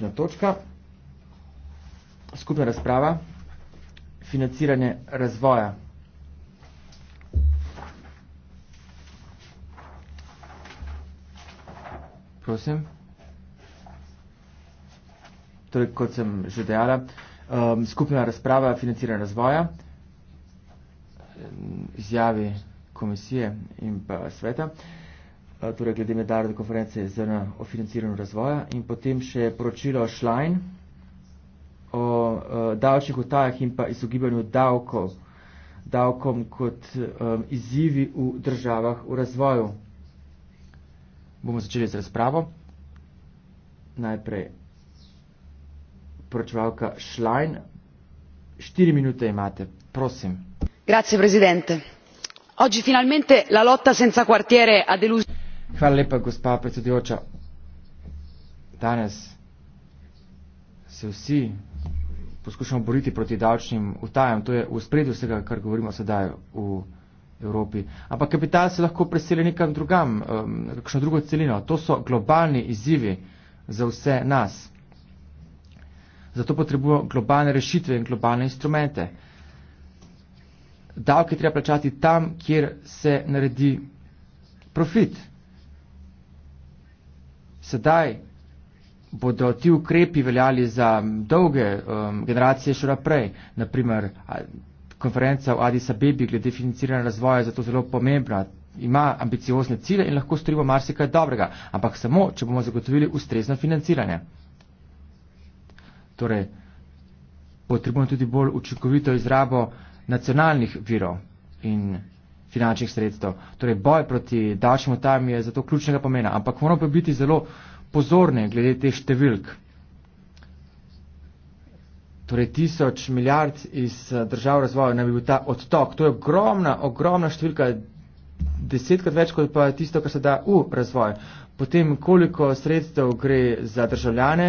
skupna točka, skupna razprava, financiranje razvoja. Prosim. Torej, kot sem že dejala, um, skupna razprava financiranja razvoja, izjavi komisije in pa sveta. Uh, Eh, torej glede mednarodne konference ZN o financiranju razvoja in potem še poročilo Schlein o uh, davčnih utajah in pa izogibanju davkov, davkom kot um, izzivi v državah v razvoju. Bomo začeli z razpravo. Najprej poročevalka Schlein. Štiri minute imate, prosim. Grazie, Presidente. Oggi finalmente la lotta senza quartiere ha deluso. Hvala lepa, gospa predsedujoča. Danes se vsi poskušamo boriti proti davčnim utajam. To je v spredju vsega, kar govorimo sedaj v Evropi. Ampak kapital se lahko preseli nekam drugam, kakšno drugo celino. To so globalni izzivi za vse nas. Zato potrebujemo globalne rešitve in globalne instrumente. Davke treba plačati tam, kjer se naredi profit sedaj bodo ti ukrepi veljali za dolge um, generacije še naprej. Naprimer, konferenca v Addis Abebi glede financiranja razvoja je zato zelo pomembna. Ima ambiciozne cilje in lahko storimo marsikaj dobrega, ampak samo, če bomo zagotovili ustrezno financiranje. Torej, potrebujemo tudi bolj učinkovito izrabo nacionalnih virov in finančnih sredstev. Torej, boj proti davčnim utajam je zato ključnega pomena, ampak moramo pa biti zelo pozorni glede teh številk. Torej, tisoč milijard iz eh, držav razvoja naj bi bil ta odtok. To je ogromna, ogromna številka, desetkrat več kot pa tisto, kar se da v razvoj. Potem, koliko sredstev gre za državljane,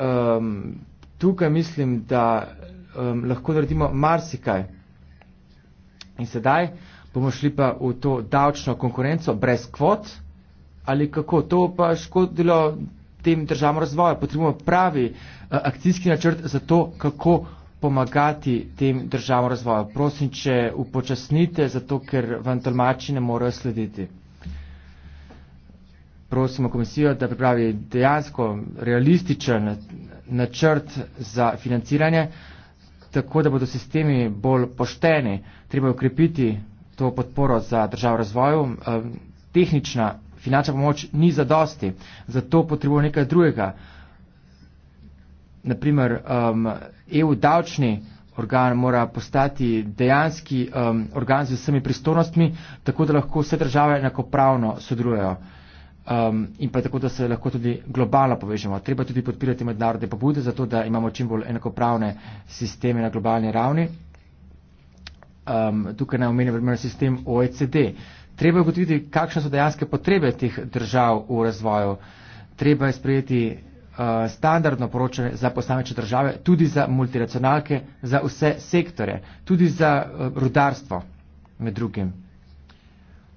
um, tukaj mislim, da um, lahko naredimo marsikaj. In sedaj bomo šli pa v to davčno konkurenco brez kvot ali kako to pa škodilo tem državam razvoja. Potrebujemo pravi eh, akcijski načrt za to, kako pomagati tem državam razvoja. Prosim, če upočasnite, zato ker vam tolmači ne morejo slediti. Prosimo komisijo, da pripravi dejansko realističen načrt za financiranje tako da bodo sistemi bolj pošteni. Treba je ukrepiti to podporo za državo razvoju. Tehnična finančna pomoč ni zadosti, zato potrebujemo nekaj drugega. Naprimer, um, EU davčni organ mora postati dejanski um, organ z vsemi pristornostmi, tako da lahko vse države enakopravno sodelujejo um, in pa tako, da se lahko tudi globalno povežemo. Treba tudi podpirati mednarodne pobude za to, da imamo čim bolj enakopravne sisteme na globalni ravni. Um, tukaj naj omenim primer sistem OECD. Treba je ugotoviti, kakšne so dejanske potrebe teh držav v razvoju. Treba je sprejeti uh, standardno poročanje za posamečne države, tudi za multiracionalke, za vse sektore, tudi za uh, rudarstvo med drugim.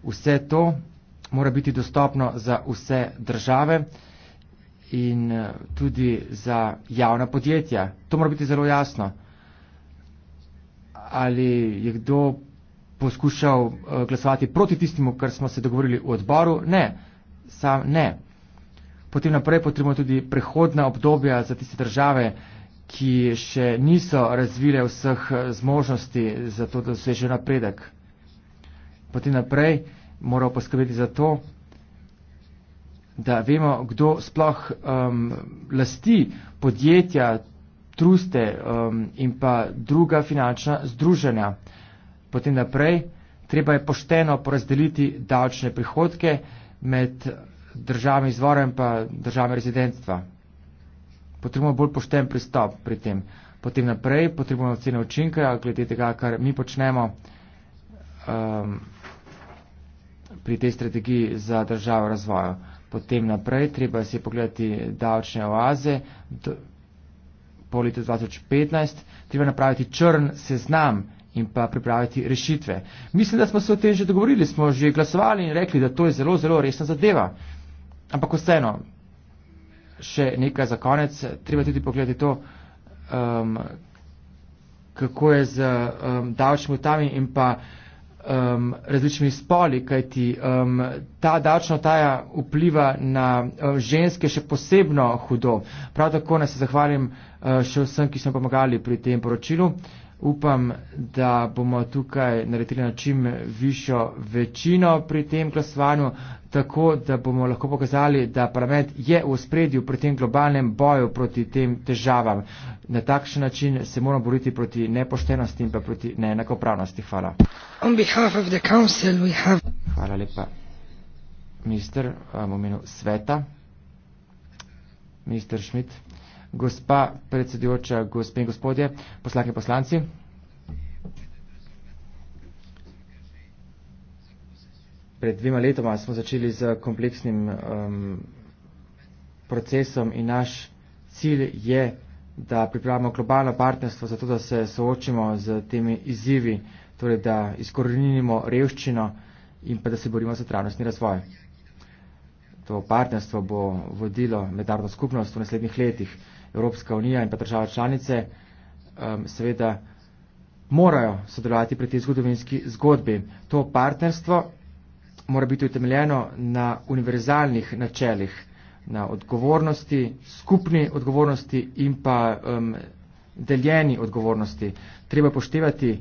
Vse to mora biti dostopno za vse države in eh, tudi za javna podjetja. To mora biti zelo jasno. Ali je kdo poskušal eh, glasovati proti tistimu, kar smo se dogovorili v odboru? Ne, sam ne. Potem naprej potrebujemo tudi prehodna obdobja za tiste države, ki še niso razvile vseh eh, zmožnosti za to, da se že napredek. Potem naprej moral poskrbeti za to, da vemo, kdo sploh um, lasti podjetja, truste um, in pa druga finančna združenja. Potem naprej, treba je pošteno porazdeliti davčne prihodke med državami izvora in pa državami rezidentstva. Potrebujemo bolj pošten pristop pri tem. Potem naprej potrebujemo ocene učinka glede tega, kar mi počnemo. Um, pri tej strategiji za državo razvoja. Potem naprej treba si pogledati davčne oaze do, po letu 2015, treba napraviti črn seznam in pa pripraviti rešitve. Mislim, da smo se o tem že dogovorili, smo že glasovali in rekli, da to je zelo, zelo resna zadeva. Ampak vseeno, še nekaj za konec, treba tudi pogledati to, um, kako je z um, davčnimi utami in pa uh, um, različnimi spoli, kajti um, ta davčna taja vpliva na um, ženske še posebno hudo. Prav tako naj se zahvalim uh, še vsem, ki so pomagali pri tem poročilu. Upam, da bomo tukaj naredili na čim višjo večino pri tem glasovanju, tako da bomo lahko pokazali, da parlament je v spredju pri tem globalnem boju proti tem težavam. Na takšen način se moramo boriti proti nepoštenosti in pa proti neenakopravnosti. Hvala. Council, have... Hvala lepa. Minister, v imenu sveta, minister Šmit, gospa predsedujoča, gospe in gospodje, poslake poslanci. pred dvima letoma smo začeli z kompleksnim um, procesom in naš cilj je, da pripravimo globalno partnerstvo zato, da se soočimo z temi izzivi, torej da izkoreninimo revščino in pa da se borimo za trajnostni razvoj. To partnerstvo bo vodilo mednarodno skupnost v naslednjih letih. Evropska unija in pa država članice um, seveda morajo sodelovati pri tej zgodovinski zgodbi. To partnerstvo mora biti utemeljeno na univerzalnih načelih, na odgovornosti, skupni odgovornosti in pa um, deljeni odgovornosti. Treba poštevati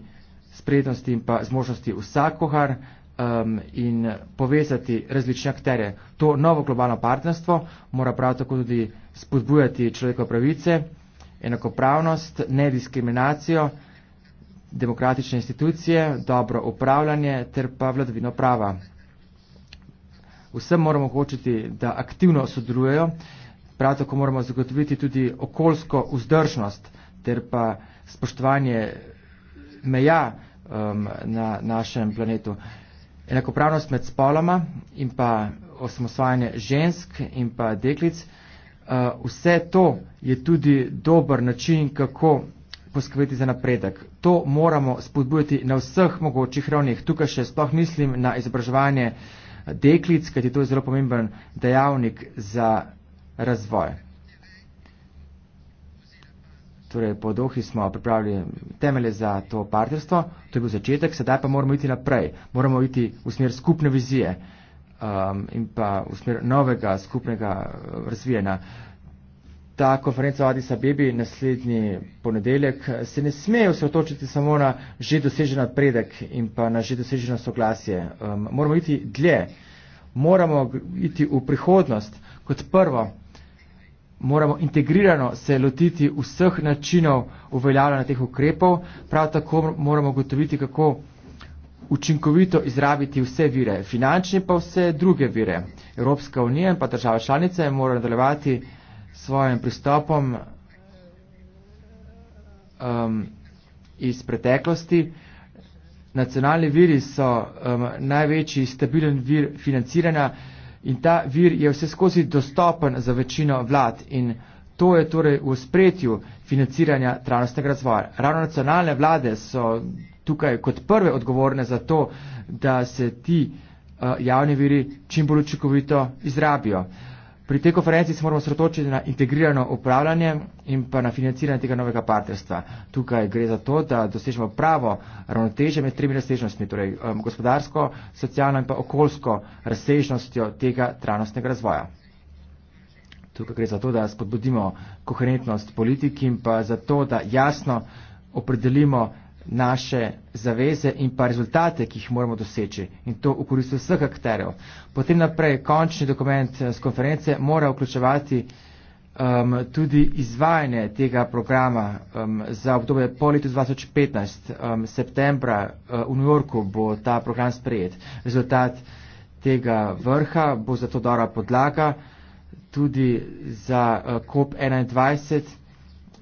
sprednosti in pa zmožnosti vsakohar um, in povezati različne akterje. To novo globalno partnerstvo mora prav tako tudi spodbujati človekove pravice, enakopravnost, nediskriminacijo, demokratične institucije, dobro upravljanje ter pa vladavino prava vsem moramo hočiti, da aktivno sodelujejo, prav tako moramo zagotoviti tudi okoljsko vzdržnost ter pa spoštovanje meja um, na našem planetu. Enakopravnost med spoloma in pa osamosvajanje žensk in pa deklic, uh, vse to je tudi dober način, kako poskrbeti za napredek. To moramo spodbujati na vseh mogočih ravnih. Tukaj še sploh mislim na izobraževanje uh, deklic, kajti to je zelo pomemben dejavnik za razvoj. Torej, po Dohi smo pripravili temelje za to partnerstvo, to je bil začetek, sedaj pa moramo iti naprej, moramo iti v smer skupne vizije um, in pa v smer novega skupnega uh, razvijanja ta konferenca v Adis Abebi naslednji ponedeljek se ne sme osredotočiti samo na že dosežen napredek in pa na že doseženo soglasje. Um, moramo iti dlje, moramo iti v prihodnost. Kot prvo, moramo integrirano se lotiti vseh načinov uveljavljanja teh ukrepov, prav tako moramo gotoviti, kako učinkovito izrabiti vse vire, finančne pa vse druge vire. Evropska unija in pa država članica je morala nadaljevati svojim pristopom um, iz preteklosti. Nacionalni viri so um, največji stabilen vir financiranja in ta vir je vse skozi dostopen za večino vlad in to je torej v spretju financiranja trajnostnega razvoja. Ravno nacionalne vlade so tukaj kot prve odgovorne za to, da se ti uh, javni viri čim bolj učinkovito izrabijo. Uh, Pri tej konferenci se moramo sredotočiti na integrirano upravljanje in pa na financiranje tega novega partnerstva. Tukaj gre za to, da dosežemo pravo ravnoteže med tremi razsežnostmi, torej um, gospodarsko, socialno in pa okoljsko razsežnostjo tega trajnostnega razvoja. Tukaj gre za to, da spodbudimo koherentnost politik in pa za to, da jasno opredelimo naše zaveze in pa rezultate, ki jih moramo doseči. In to v koristi vseh akterjev. Potem naprej, končni dokument z eh, konference mora vključevati um, tudi izvajanje tega programa um, za obdobje po letu 2015. Um, septembra uh, v New Yorku bo ta program sprejet. Rezultat tega vrha bo zato dobra podlaga tudi za uh, eh, COP21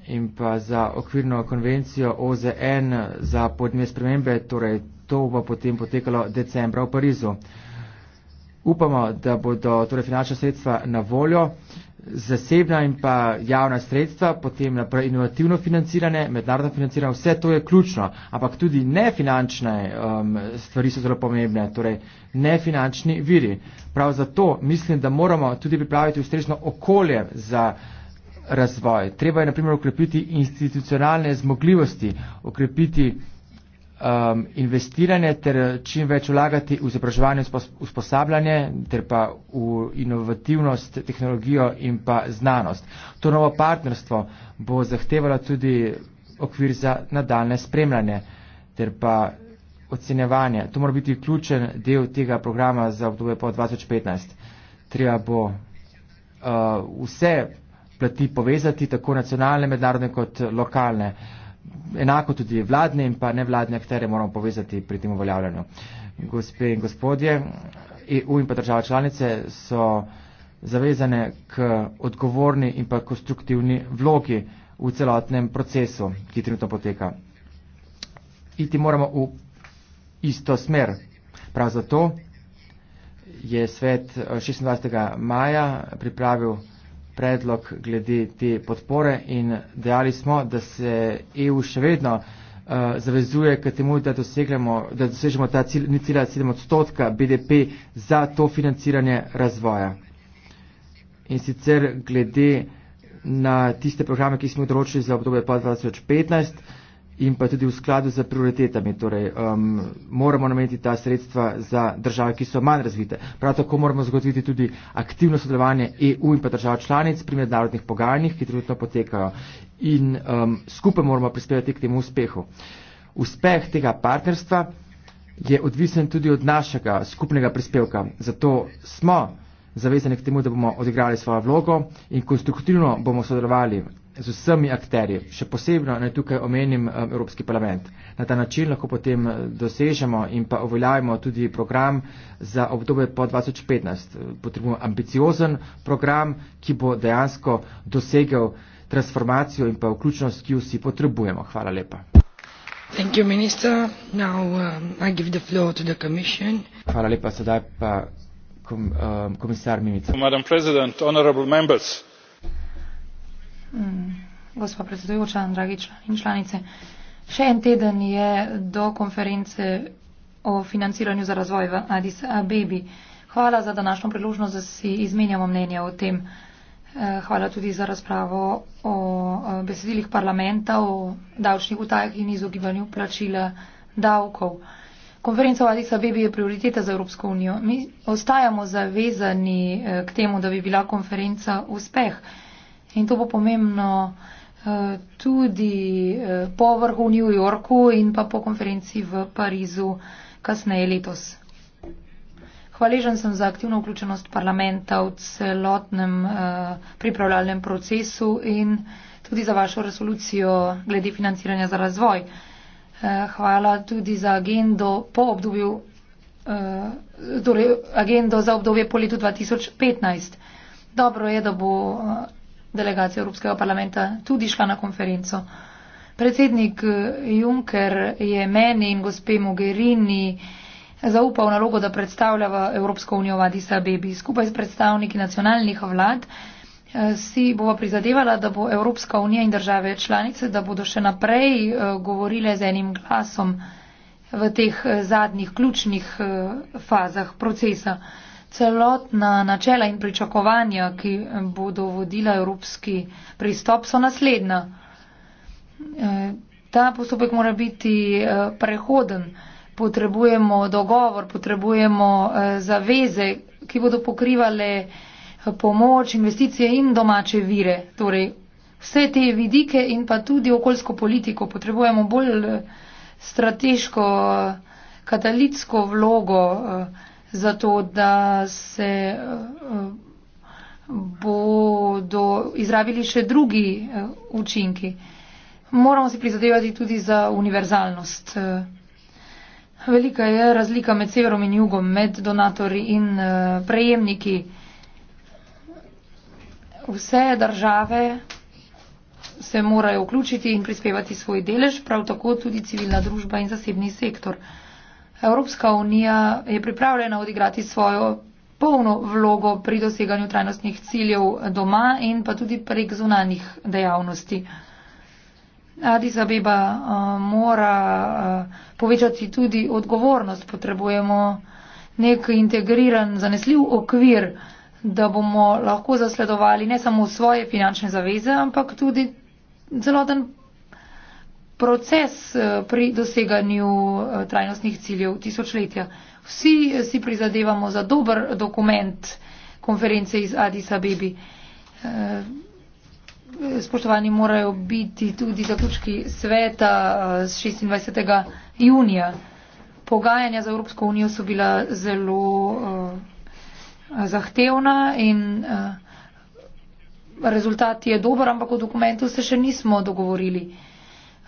in pa za okvirno konvencijo OZN za podnebne spremembe, torej to bo potem potekalo decembra v Parizu. Upamo, da bodo torej finančna sredstva na voljo, zasebna in pa javna sredstva, potem naprej inovativno financirane, mednarodno financirane, vse to je ključno, ampak tudi nefinančne um, stvari so zelo pomembne, torej nefinančni viri. Prav zato mislim, da moramo tudi pripraviti ustrezno okolje za razvoj. Treba je, na primer, okrepiti institucionalne zmogljivosti, okrepiti um, investiranje ter čim več vlagati v izobraževanje in usposabljanje ter pa v inovativnost, tehnologijo in pa znanost. To novo partnerstvo bo zahtevalo tudi okvir za nadaljne spremljanje ter pa ocenjevanje. To mora biti ključen del tega programa za obdobje po 2015. Treba bo uh, vse plati povezati tako nacionalne, mednarodne kot lokalne. Enako tudi vladne in pa nevladne aktere moramo povezati pri tem uveljavljanju. Gospe in gospodje, EU in pa država članice so zavezane k odgovorni in pa konstruktivni vlogi v celotnem procesu, ki trenutno poteka. Iti moramo v isto smer. Prav zato je svet 26. Eh, maja pripravil predlog glede te podpore in dejali smo, da se EU še vedno uh, zavezuje k temu, da, da dosežemo ta cilj, ni cilja 7 odstotka BDP za to financiranje razvoja. In sicer glede na tiste programe, ki smo jih določili za obdobje 2015 in pa tudi v skladu z prioritetami. Torej, um, moramo nameniti ta sredstva za države, ki so manj razvite. Prav tako moramo zagotoviti tudi aktivno sodelovanje EU in pa držav članic pri mednarodnih pogajanjih, ki trenutno potekajo. In um, skupaj moramo prispevati k temu uspehu. Uspeh tega partnerstva je odvisen tudi od našega skupnega prispevka. Zato smo zavezani k temu, da bomo odigrali svojo vlogo in konstruktivno bomo sodelovali z vsemi akterji. Še posebno naj tukaj omenim um, Evropski parlament. Na ta način lahko potem uh, dosežemo in pa uveljavimo tudi program za obdobje po 2015. Potrebujemo ambiciozen program, ki bo dejansko dosegel transformacijo in pa vključnost, ki jo vsi potrebujemo. Hvala lepa. You, Now, um, Hvala lepa, sedaj pa kom, um, komisar Mimica. Madam President, honorable members. Mm. Gospa predsedujoča, dragi člani in članice, še en teden je do konference o financiranju za razvoj v Addis Abebi. Hvala za današnjo priložnost, da si izmenjamo mnenje o tem. Eh, hvala tudi za razpravo o eh, besedilih parlamenta, o davčnih utajah in izogibanju plačila davkov. Konferenca v Addis Abebi je prioriteta za Evropsko unijo. Mi ostajamo zavezani eh, k temu, da bi bila konferenca uspeh. In to bo pomembno eh, tudi eh, po vrhu v New Yorku in pa po konferenci v Parizu kasneje letos. Hvaležen sem za aktivno vključenost parlamenta v celotnem eh, pripravljalnem procesu in tudi za vašo resolucijo glede financiranja za razvoj. Hvala tudi za agendo po obdobju. Torej, agendo za obdobje po letu 2015. Dobro je, da bo delegacija Evropskega parlamenta tudi šla na konferenco. Predsednik eh, Juncker je meni in gospe Mogherini zaupal nalogo, da predstavlja v Evropsko unijo v Addis Abebi. Skupaj s predstavniki nacionalnih vlad eh, si bova prizadevala, da bo Evropska unija in države članice, da bodo še naprej eh, govorile z enim glasom v teh zadnjih ključnih fazah procesa. Celotna načela in pričakovanja, ki bodo vodila evropski pristop, so naslednja. E, ta postopek mora biti e, prehoden. Potrebujemo dogovor, potrebujemo e, zaveze, ki bodo pokrivale pomoč, investicije in domače vire. Torej, vse te vidike in pa tudi okoljsko politiko potrebujemo bolj strateško, katalitsko vlogo zato da se eh, bodo izrabili še drugi eh, učinki. Moramo si prizadevati tudi za univerzalnost. Eh, velika je razlika med severom in jugom, med donatorji in prejemniki. Vse države se morajo vključiti in prispevati svoj delež, prav tako tudi civilna družba in zasebni sektor. Evropska unija je pripravljena odigrati svojo polno vlogo pri doseganju trajnostnih ciljev doma in pa tudi prek zunanjih dejavnosti. Adis Abeba uh, mora uh, povečati tudi odgovornost. Potrebujemo nek integriran, zanesljiv okvir, da bomo lahko zasledovali ne samo svoje finančne zaveze, ampak tudi celoten proces eh, pri doseganju eh, trajnostnih ciljev tisočletja. Vsi si prizadevamo za dober dokument konference iz Addis Abebi. Eh, spoštovani morajo biti tudi zaključki sveta z 26. junija. Pogajanja za Evropsko unijo so bila zelo zahtevna in rezultat je dober, ampak o dokumentu se še nismo dogovorili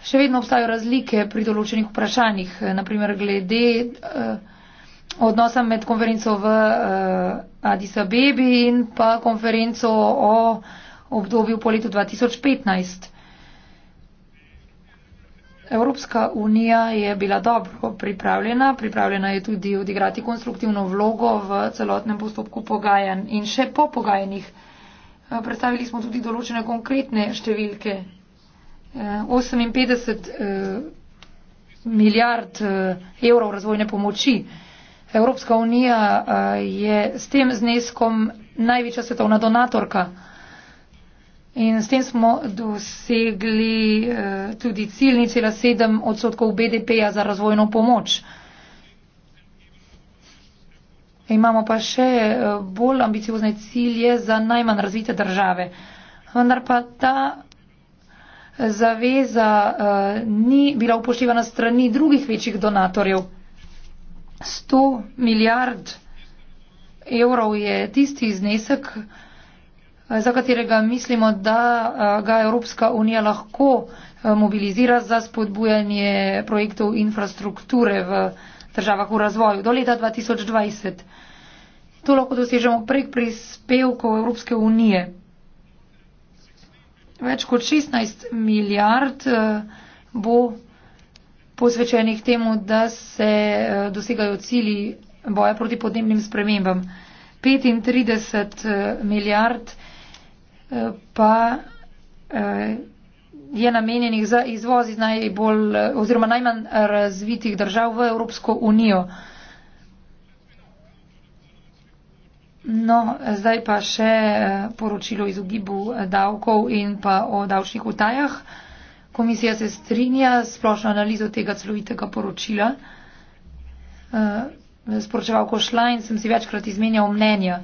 še vedno obstajajo razlike pri določenih vprašanjih, eh, naprimer glede uh, odnosa med konferenco v uh, Addis Abebi in pa konferenco o obdobju po letu 2015. Evropska unija je bila dobro pripravljena, pripravljena je tudi odigrati konstruktivno vlogo v celotnem postopku pogajanj in še po pogajanjih. Predstavili smo tudi določene konkretne številke. 58 eh, eh, milijard eh, evrov razvojne pomoči. Evropska unija je s tem zneskom največja svetovna donatorka in s tem smo dosegli tudi ciljni cela sedem odstotkov BDP-ja za razvojno pomoč. Imamo pa še bolj ambiciozne cilje za najmanj razvite države. Vendar pa ta zaveza uh, ni bila upoštevana strani drugih večjih donatorjev. 100 milijard evrov je tisti znesek, eh, za katerega mislimo, da eh, ga Evropska unija lahko mobilizira za spodbujanje projektov infrastrukture v državah v razvoju do leta 2020. To lahko dosežemo prek prispevkov Evropske unije več kot 16 milijard eh, bo posvečenih temu, da se eh, dosegajo cili boja proti podnebnim spremembam. 35 eh, milijard pa je namenjenih za izvoz iz najbolj oziroma najmanj razvitih držav v Evropsko unijo. No, zdaj pa še eh, poročilo iz ugibu eh, davkov in pa o davčnih utajah. Komisija se strinja s splošno analizo tega celovitega poročila. Eh, Sporočeval Košlajn sem si večkrat izmenjal mnenja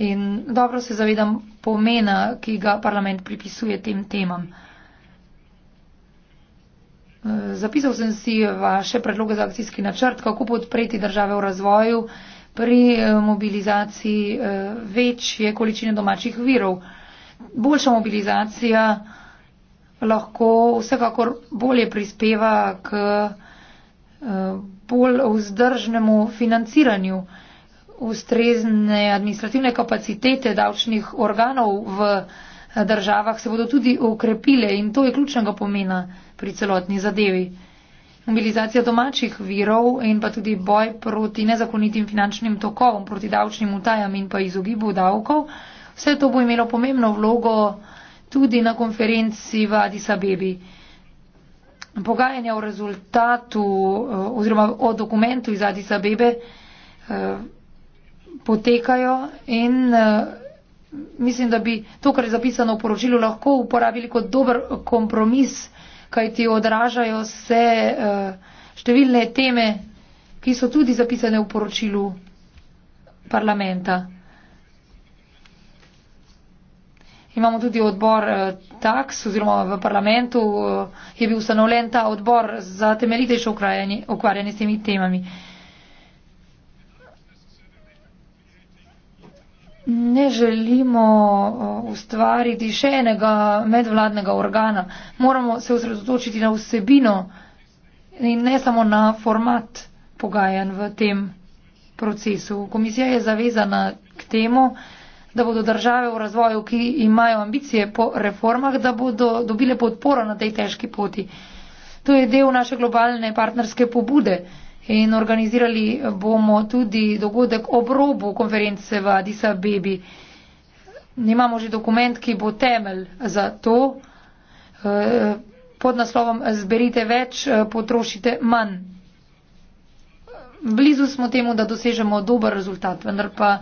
in dobro se zavedam pomena, ki ga parlament pripisuje tem temam. Zapisal sem si vaše predloge za akcijski načrt, kako podpreti države v razvoju pri eh, mobilizaciji eh, večje količine domačih virov. Boljša mobilizacija lahko vsekakor bolje prispeva k eh, bolj vzdržnemu financiranju ustrezne administrativne kapacitete davčnih organov v državah se bodo tudi ukrepile in to je ključnega pomena pri celotni zadevi mobilizacija domačih virov in pa tudi boj proti nezakonitim finančnim tokovom, proti davčnim utajam in pa izogibu davkov. Vse to bo imelo pomembno vlogo tudi na konferenci v Addis Abebi. Pogajanja o rezultatu eh, oziroma o dokumentu iz Addis Abebe eh, potekajo in eh, mislim, da bi to, kar je zapisano v poročilu, lahko uporabili kot dober kompromis kajti odražajo se eh, številne teme, ki so tudi zapisane v poročilu parlamenta. Imamo tudi odbor eh, tax oziroma v parlamentu eh, je bil ustanovljen ta odbor za temeljitejše ukvarjanje s temi temami. ne želimo eh, ustvariti še enega medvladnega organa. Moramo se osredotočiti na vsebino in ne samo na format pogajan v tem procesu. Komisija je zavezana k temu, da bodo države v razvoju, ki imajo ambicije po reformah, da bodo dobile podporo na tej težki poti. To je del naše globalne partnerske pobude. In organizirali bomo tudi dogodek ob robu konference v Adisa Bebi. Nimamo že dokument, ki bo temelj za to. Eh, pod naslovom zberite več, eh, potrošite manj. Blizu smo temu, da dosežemo dober rezultat, vendar pa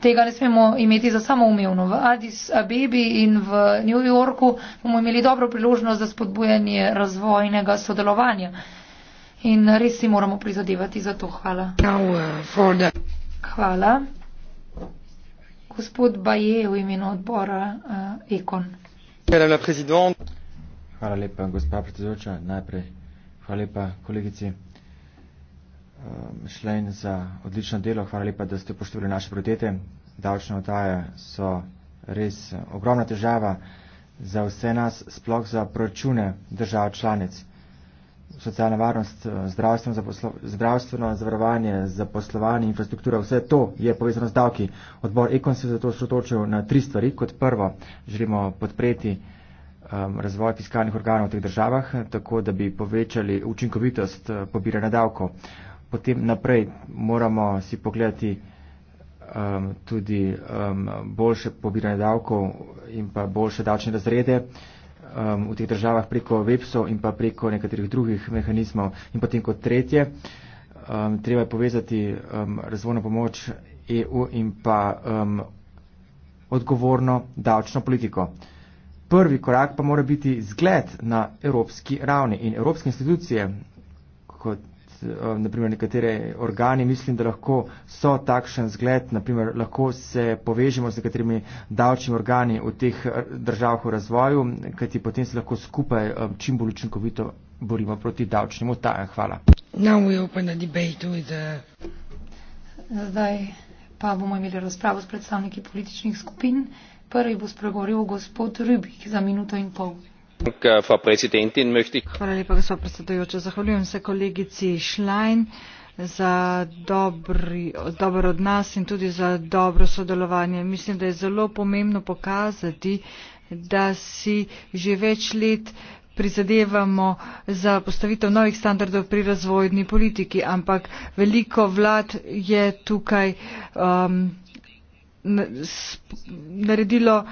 tega ne smemo imeti za samoumevno. V Addis Abebi in v New Yorku bomo imeli dobro priložnost za spodbujanje razvojnega sodelovanja in res si moramo prizadevati za to. Hvala. Uh, hvala. Gospod Baje v imenu odbora uh, Ekon. Hvala lepa, gospa predsedujoča. Najprej hvala lepa kolegici um, Šlejn za odlično delo. Hvala lepa, da ste poštovali naše prioritete. Davčne odtaje so res ogromna težava za vse nas, sploh za proračune držav članic socialna varnost, eh, zdravstveno, zdravstveno zavarovanje, zaposlovanje, infrastruktura, vse to je povezano z davki. Odbor Ekon se je zato sotočil na tri stvari. Kot prvo, želimo podpreti um, razvoj fiskalnih organov v teh državah, eh, tako da bi povečali učinkovitost eh, pobiranja davkov. Potem naprej moramo si pogledati um, tudi um, boljše pobiranje davkov in pa boljše davčne razrede um, v teh državah preko websov in pa preko nekaterih drugih mehanizmov. In potem kot tretje, um, treba je povezati um, razvojno pomoč EU in pa um, odgovorno davčno politiko. Prvi korak pa mora biti zgled na evropski ravni in evropske institucije, kot Eh, naprimer nekatere organe, mislim, da lahko so takšen zgled, naprimer lahko se povežemo z nekaterimi davčnimi organi v teh eh, državah v razvoju, kajti potem se lahko skupaj eh, čim bolj učinkovito borimo proti davčnim utajam. Hvala. Zdaj pa bomo imeli razpravo s predstavniki političnih skupin. Prvi bo spregovoril gospod Rubik za minuto in pol. Äh, hvala lepa gospa predsedujoča zahvaljujem se kolegici schlein za dobri, dober odnos in tudi za dobro sodelovanje mislim da je zelo pomembno pokazati da si že več let prizadevamo za postavitev novih standardov pri razvojni politiki ampak veliko vlad je tukaj um, naredilo uh,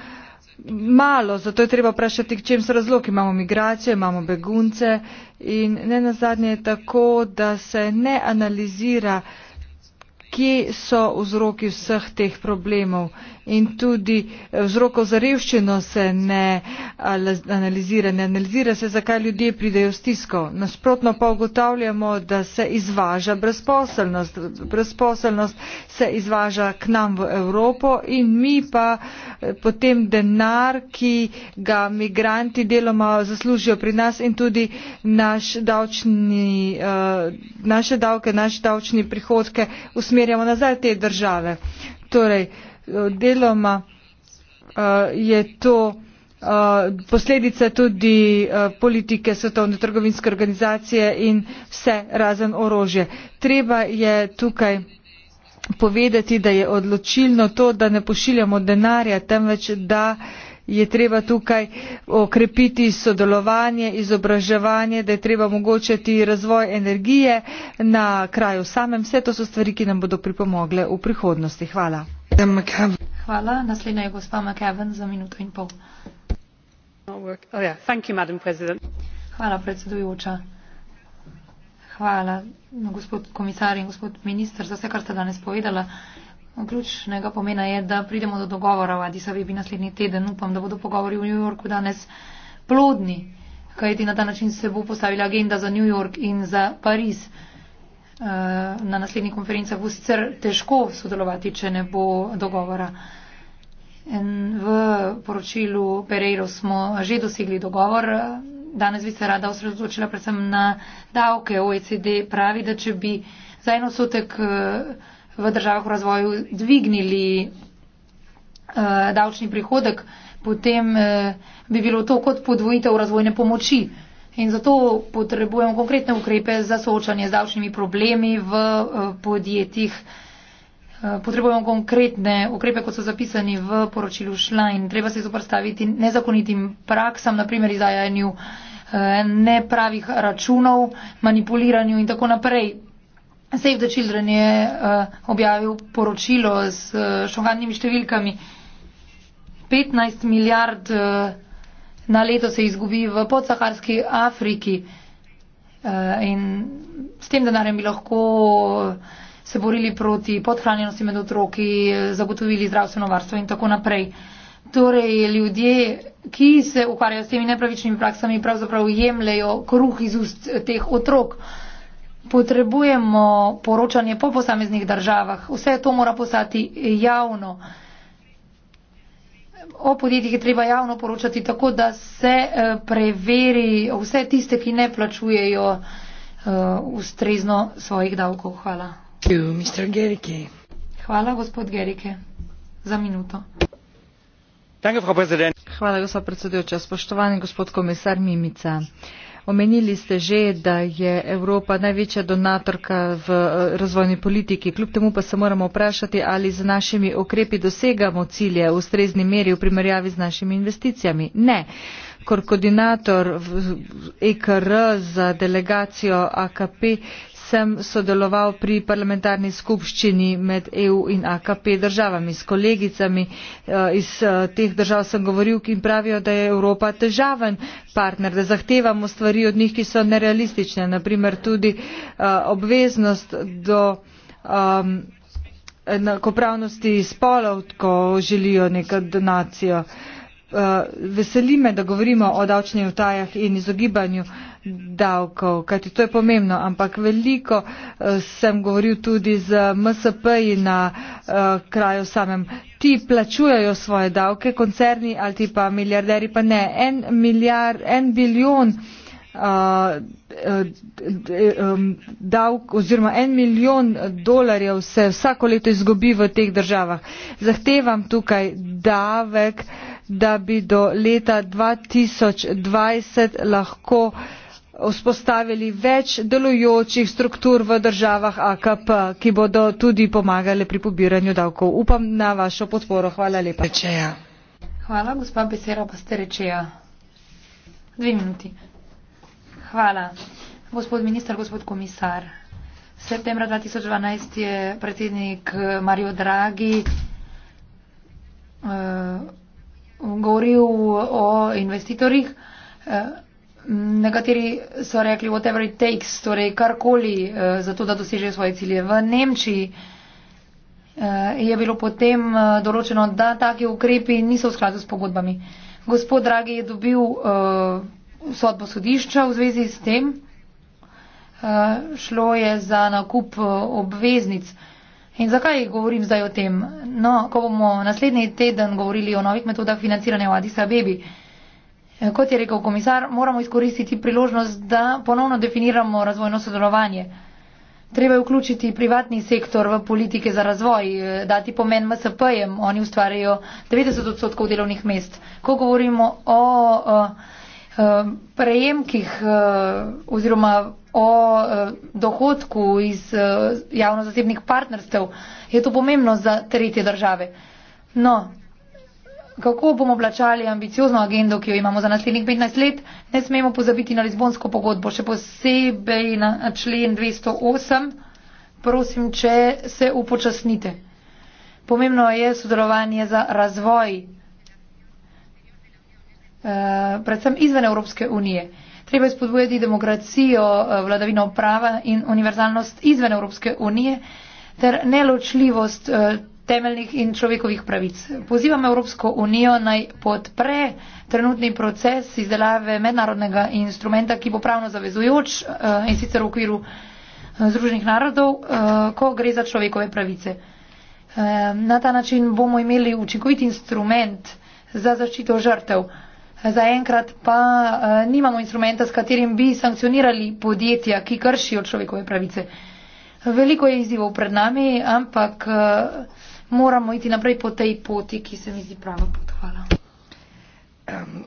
malo zato je treba vprašati k čem so razlogi imamo migracije imamo begunce in nenazadnje je tako da se ne analizira kje so vzroki vseh teh problemov in tudi vzrokov za revščino se ne analizira. Ne analizira se, zakaj ljudje pridejo v stisko. Nasprotno pa ugotavljamo, da se izvaža brezposelnost. Brezposelnost se izvaža k nam v Evropo in mi pa eh, potem denar, ki ga migranti deloma zaslužijo pri nas in tudi naš davčni, eh, naše davke, naše davčne prihodke usmerjamo nazaj v te države. Torej, deloma eh, je to eh, posledica tudi eh, politike svetovne trgovinske organizacije in vse razen orožje. Treba je tukaj povedati, da je odločilno to, da ne pošiljamo denarja, temveč da je treba tukaj okrepiti sodelovanje, izobraževanje, da je treba omogočati razvoj energije na kraju samem. Vse to so stvari, ki nam bodo pripomogle v prihodnosti. Hvala. Oh, hvala predsedujoča hvala gospod komisar in gospod minister za vse kar ste danes povedala ključnega pomena je da pridemo do dogovora v addis abebi naslednji teden upam da bodo pogovori v new yorku danes plodni kajti na ta način se bo postavila agenda za new york in za pariz. Eh, na naslednji konferencah bo sicer težko sodelovati, če ne bo dogovora. In v poročilu Pereiro smo že dosegli dogovor. Danes bi se rada osredotočila predvsem na davke. OECD pravi, da če bi za eno sotek eh, v državah v razvoju dvignili eh, davčni prihodek, potem bi bilo to kot podvojitev razvojne pomoči. In zato potrebujemo konkretne ukrepe za soočanje z davčnimi problemi v eh, podjetjih. Eh, potrebujemo konkretne ukrepe, kot so zapisani v poročilu Šlajn. Treba se zoprstaviti nezakonitim praksam, naprimer izdajanju eh, nepravih računov, manipuliranju in tako naprej. Save the Children je objavil poročilo s šokantnimi številkami. 15 milijard na leto se izgubi v podsaharski Afriki eh, in s tem denarjem bi lahko eh, se borili proti podhranjenosti med otroki, eh, zagotovili zdravstveno varstvo in tako naprej. Torej, ljudje, ki se ukvarjajo s temi nepravičnimi praksami, pravzaprav jemljajo kruh iz ust teh otrok. Potrebujemo poročanje po posameznih državah. Vse to mora postati javno o podjetjih je treba javno poročati tako, da se eh, preveri vse tiste, ki ne plačujejo eh, ustrezno svojih davkov. Hvala. Hvala, gospod Gerike, za minuto. Hvala, gospod predsedujoča. Spoštovani gospod komisar Mimica. Uh, Omenili ste že, da je Evropa največja donatorka v eh, razvojni politiki. Kljub temu pa se moramo vprašati, ali z našimi ukrepi dosegamo cilje v ustrezni meri v primerjavi z našimi investicijami. Ne. Kot koordinator EKR za delegacijo AKP sem sodeloval pri parlamentarni skupščini med EU in AKP državami. S kolegicami eh, iz eh, teh držav sem govoril, ki jim pravijo, da je Evropa težaven partner, da zahtevamo stvari od njih, ki so nerealistične. Naprimer tudi eh, obveznost do um, ehm, enakopravnosti spolov, ko želijo neko donacijo. Uh, Eh, veseli me, da govorimo o davčnih utajah in izogibanju davkov, kajti to je pomembno, ampak veliko eh, sem govoril tudi z MSP-ji na eh, kraju samem. Ti plačujejo svoje davke, koncerni ali ti pa milijarderi pa ne. En, milijar, en bilijon um, davk oziroma en milijon dolarjev se vsako leto izgubi v teh državah. Zahtevam tukaj davek da bi do leta dva tisoč dvajset lahko vzpostavili več delujočih struktur v državah akp ki bodo tudi pomagale pri pobiranju davkov upam na vašo podporo hvala lepa rečeja hvala gospa besera pa ste rečeja dve minuti hvala gospod minister gospod komisar septembra dva tisoč dvanajst je predsednik mario dragi uh, eh, govoril o investitorjih. Eh, nekateri so rekli whatever it takes, torej karkoli, eh, zato da dosežejo svoje cilje. V Nemčiji eh, je bilo potem določeno, da take ukrepi niso v skladu s pogodbami. Gospod Dragi je dobil uh, sodbo sodišča v zvezi s tem. Uh, šlo je za nakup uh, obveznic. Uh, In zakaj govorim zdaj o tem? No, ko bomo naslednji teden govorili o novih metodah financiranja v Addis Abebi, eh, kot je rekel komisar, moramo izkoristiti priložnost, da ponovno definiramo razvojno sodelovanje. Treba je vključiti privatni sektor v politike za razvoj, eh, dati pomen MSP-jem, oni ustvarjajo 90 odstotkov delovnih mest. Ko govorimo o. o eh, Eh, prejemkih eh, oziroma o eh, dohodku iz javno-zasebnih partnerstev je to pomembno za tretje države. No, kako bomo plačali ambiciozno agendo, ki jo imamo za naslednjih 15 let, ne smemo pozabiti na Lizbonsko pogodbo, še posebej na člen 208. Prosim, če se upočasnite. Pomembno je sodelovanje za razvoj Eh, predvsem izven Evropske unije. Treba je spodbujati demokracijo, eh, vladavino prava in univerzalnost izven Evropske unije ter neločljivost eh, temeljnih in človekovih pravic. Pozivam Evropsko unijo naj podpre trenutni proces izdelave mednarodnega instrumenta, ki bo pravno zavezujoč in sicer v okviru Združenih narodov, ko gre za človekove pravice. Na ta način bomo imeli učinkovit instrument za zaščito žrtev. Zaenkrat pa uh, nimamo instrumenta, s katerim bi sankcionirali podjetja, ki kršijo človekove pravice. Veliko je izzivov pred nami, ampak uh, moramo iti naprej po tej poti, ki se mi zdi prava pot. Hvala. Um,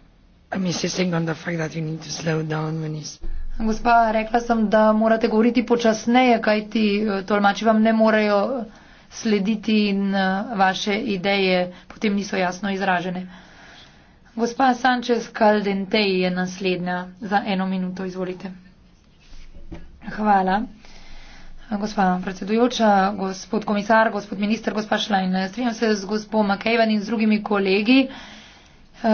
Gospa, rekla sem, da morate govoriti počasneje, kaj ti eh, tolmači vam ne morejo slediti in uh, vaše ideje potem niso jasno izražene. Um, Gospa Sančez Kaldentej je naslednja. Za eno minuto izvolite. Hvala. Gospa predsedujoča, gospod komisar, gospod minister, gospa Šlajn, strinjam se z gospod Makejvan in z drugimi kolegi, eh,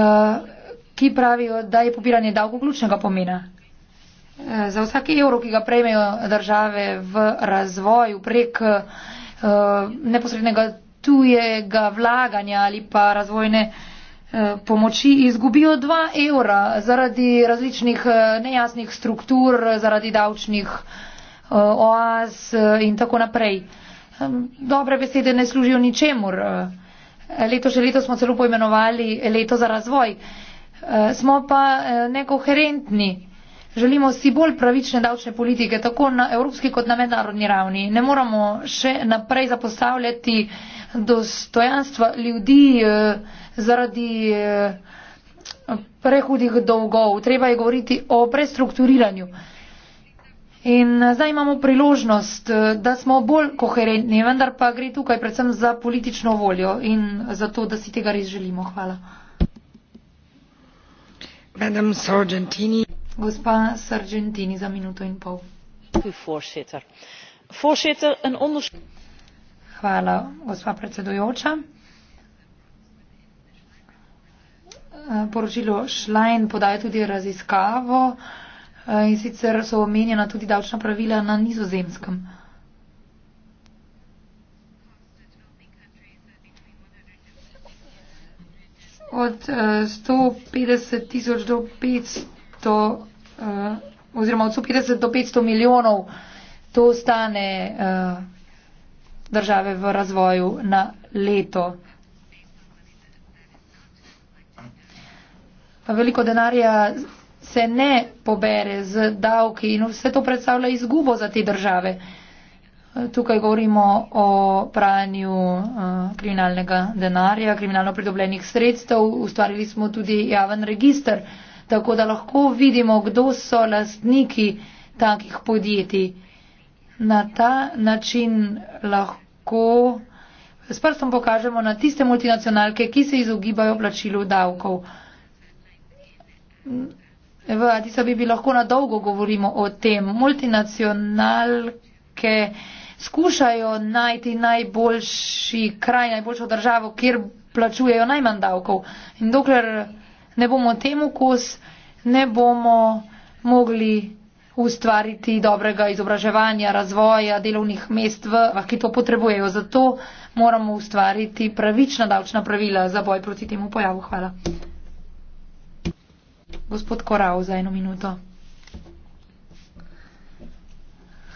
ki pravijo, da je pobiranje davko ključnega pomena. Eh, za vsak evro, ki ga prejmejo države v razvoj prek eh, neposrednega tujega vlaganja ali pa razvojne Eh, pomoči izgubijo 2 evra zaradi različnih eh, nejasnih struktur, zaradi davčnih eh, oaz in tako naprej. Dobre besede ne služijo ničemur. Leto še leto smo celo poimenovali leto za razvoj. Smo pa nekoherentni. Želimo si bolj pravične davčne politike, tako na evropski kot na mednarodni ravni. Ne moramo še naprej zapostavljati dostojanstva ljudi eh, zaradi eh, prehudih dolgov. Treba je govoriti o prestrukturiranju. In eh, zdaj imamo priložnost, da smo bolj koherentni, vendar pa gre tukaj predvsem za politično voljo in za to, da si tega res želimo. Hvala. Madam Sargentini. Gospa Sargentini za minuto in pol. Voorzitter. Voorzitter, een onderzoek. Hvala, gospa predsedujoča. Poročilo Šlajn podaja tudi raziskavo in sicer so omenjena tudi davčna pravila na nizozemskem. Od 150 eh, tisoč do 500 eh, oziroma od 150 do 500 milijonov to stane. Eh, države v razvoju na leto. Veliko denarja se ne pobere z davki in vse to predstavlja izgubo za te države. Tukaj govorimo o pranju eh, kriminalnega denarja, kriminalno pridobljenih sredstev. Ustvarili smo tudi javen register, tako da lahko vidimo, kdo so lastniki takih podjetij. Na ta način lahko lahko s prstom pokažemo na tiste multinacionalke, ki se izogibajo plačilu davkov. V Adisabi bi lahko na dolgo govorimo o tem. Multinacionalke skušajo najti najboljši kraj, najboljšo državo, kjer plačujejo najmanj davkov. In dokler ne bomo temu kos, ne bomo mogli ustvariti dobrega izobraževanja, razvoja delovnih mest v, ki to potrebujejo. Zato moramo ustvariti pravična davčna pravila za boj proti temu pojavu. Hvala. Gospod Korav za eno minuto.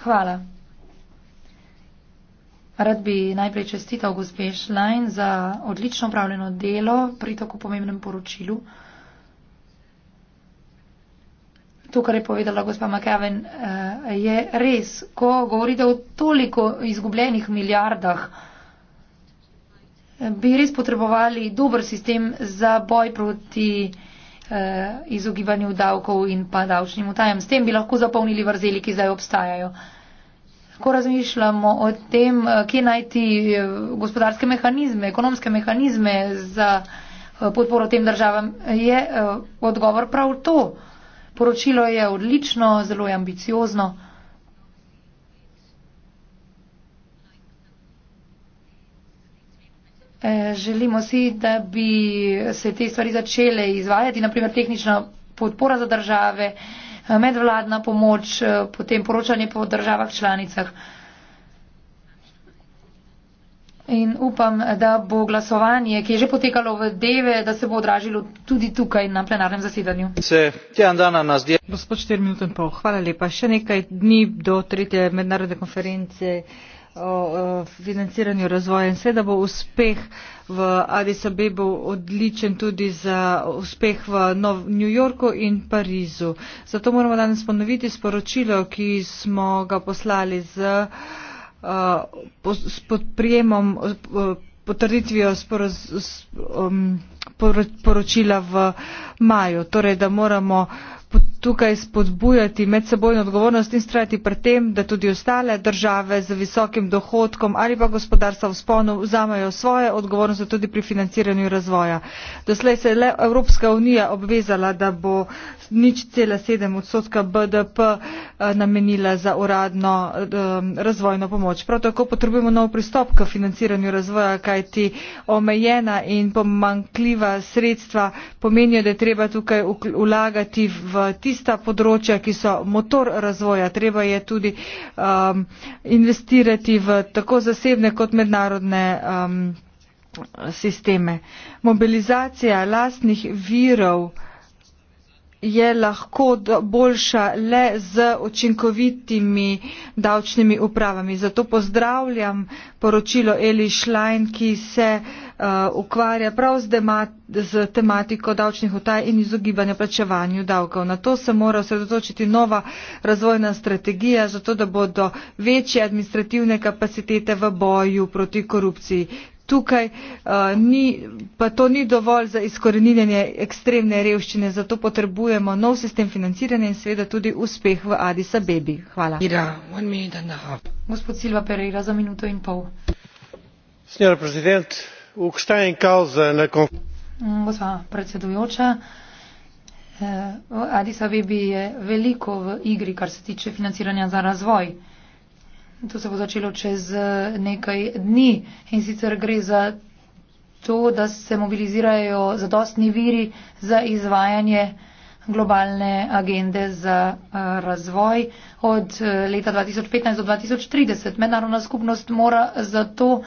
Hvala. Rad bi najprej čestital gospe Šlajn za odlično upravljeno delo pri tako pomembnem poročilu to, kar je povedala gospa Makaven, eh, je res. Ko govorite o toliko izgubljenih milijardah, eh, bi res potrebovali dober sistem za boj proti eh, izogibanju davkov in pa davčnim utajam. S tem bi lahko zapolnili vrzeli, ki zdaj obstajajo. Ko razmišljamo o tem, kje najti gospodarske mehanizme, ekonomske mehanizme za podporo tem državam, je odgovor prav to. Poročilo je odlično, zelo je ambiciozno. E, želimo si, da bi se te stvari začele izvajati, naprimer tehnična podpora za države, e, medvladna pomoč, e, potem poročanje po državah članicah. In upam, da bo glasovanje, ki je že potekalo v deve, da se bo odražilo tudi tukaj na plenarnem zasedanju. Gospod štiri minute in pol, hvala lepa. Še nekaj dni do tretje mednarodne konference o financiranju razvoja in seveda bo uspeh v Addis Abebu odličen tudi za uspeh v Nov New Yorku in Parizu. Zato moramo danes ponoviti sporočilo, ki smo ga poslali z. Uh, Eh, s podprijemom, eh, potrditvijo um, poročila v maju. Torej, da moramo tukaj spodbujati medsebojno odgovornost in vztrajati pri tem da tudi ostale države z visokim dohodkom ali pa gospodarstva v vzponu vzamejo svojo odgovornost tudi pri financiranju razvoja. doslej se je le evropska unija obvezala da bo nič sedem odstotka bdp eh, namenila za uradno eh, razvojno pomoč. prav tako potrebujemo nov pristop k financiranju razvoja kajti omejena in pomanjkljiva sredstva pomenijo da je treba tukaj vlagati v tista področja, ki so motor razvoja. Treba je tudi um, investirati v tako zasebne kot mednarodne um, sisteme. Mobilizacija lastnih virov je lahko boljša le z učinkovitimi davčnimi upravami. Zato pozdravljam poročilo Eli Schlein, ki se uh, ukvarja prav z, z tematiko davčnih utaj in izogibanja plačevanju davkov. Na to se mora osredotočiti nova razvojna strategija, zato da bodo večje administrativne kapacitete v boju proti korupciji tukaj uh, ni, pa to ni dovolj za izkoreninjenje ekstremne revščine, zato potrebujemo nov sistem financiranja in seveda tudi uspeh v Addis Abebi. Hvala. Gospod Silva Pereira za minuto in pol. Mm, gospa predsedujoča, eh, v Addis Abebi je veliko v igri, kar se tiče financiranja za razvoj. To se bo začelo čez eh, nekaj dni in sicer gre za to, da se mobilizirajo zadostni viri za izvajanje globalne agende za eh, razvoj od eh, leta 2015 do 2030. Mednarodna skupnost mora zato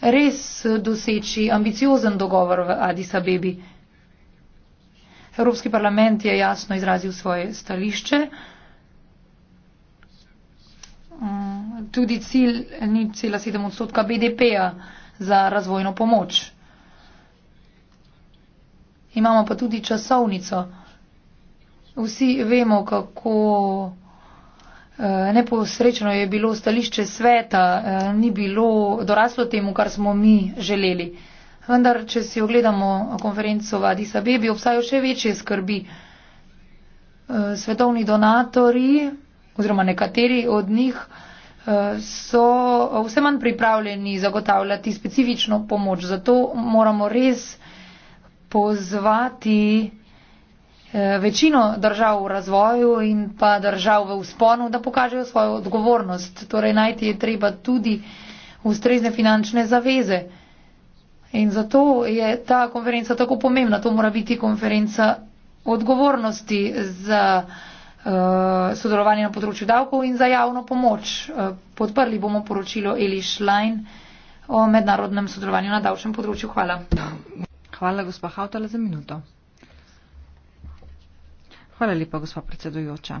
res doseči ambiciozen dogovor v Addis Abebi. Evropski parlament je jasno izrazil svoje stališče um, tudi cilj ni cela sedem odstotka BDP-ja za razvojno pomoč. Imamo pa tudi časovnico. Vsi vemo, kako eh, neposrečno je bilo stališče sveta, eh, ni bilo doraslo temu, kar smo mi želeli. Vendar, če si ogledamo konferenco v Adis Abebi, obstajajo še večje skrbi. Eh, svetovni donatori oziroma nekateri od njih eh, so eh, vse manj pripravljeni zagotavljati specifično pomoč. Zato moramo res pozvati eh, večino držav v razvoju in pa držav v usponu, da pokažejo svojo odgovornost. Torej najti je treba tudi ustrezne finančne zaveze. In zato je ta konferenca tako pomembna. To mora biti konferenca odgovornosti za. Eh, sodelovanje na področju davkov in za javno pomoč. Eh, podprli bomo poročilo Eli Šlajn o mednarodnem sodelovanju na davčnem področju. Hvala. Hvala, gospa Hautala, za minuto. Hvala lepa, gospa predsedujoča.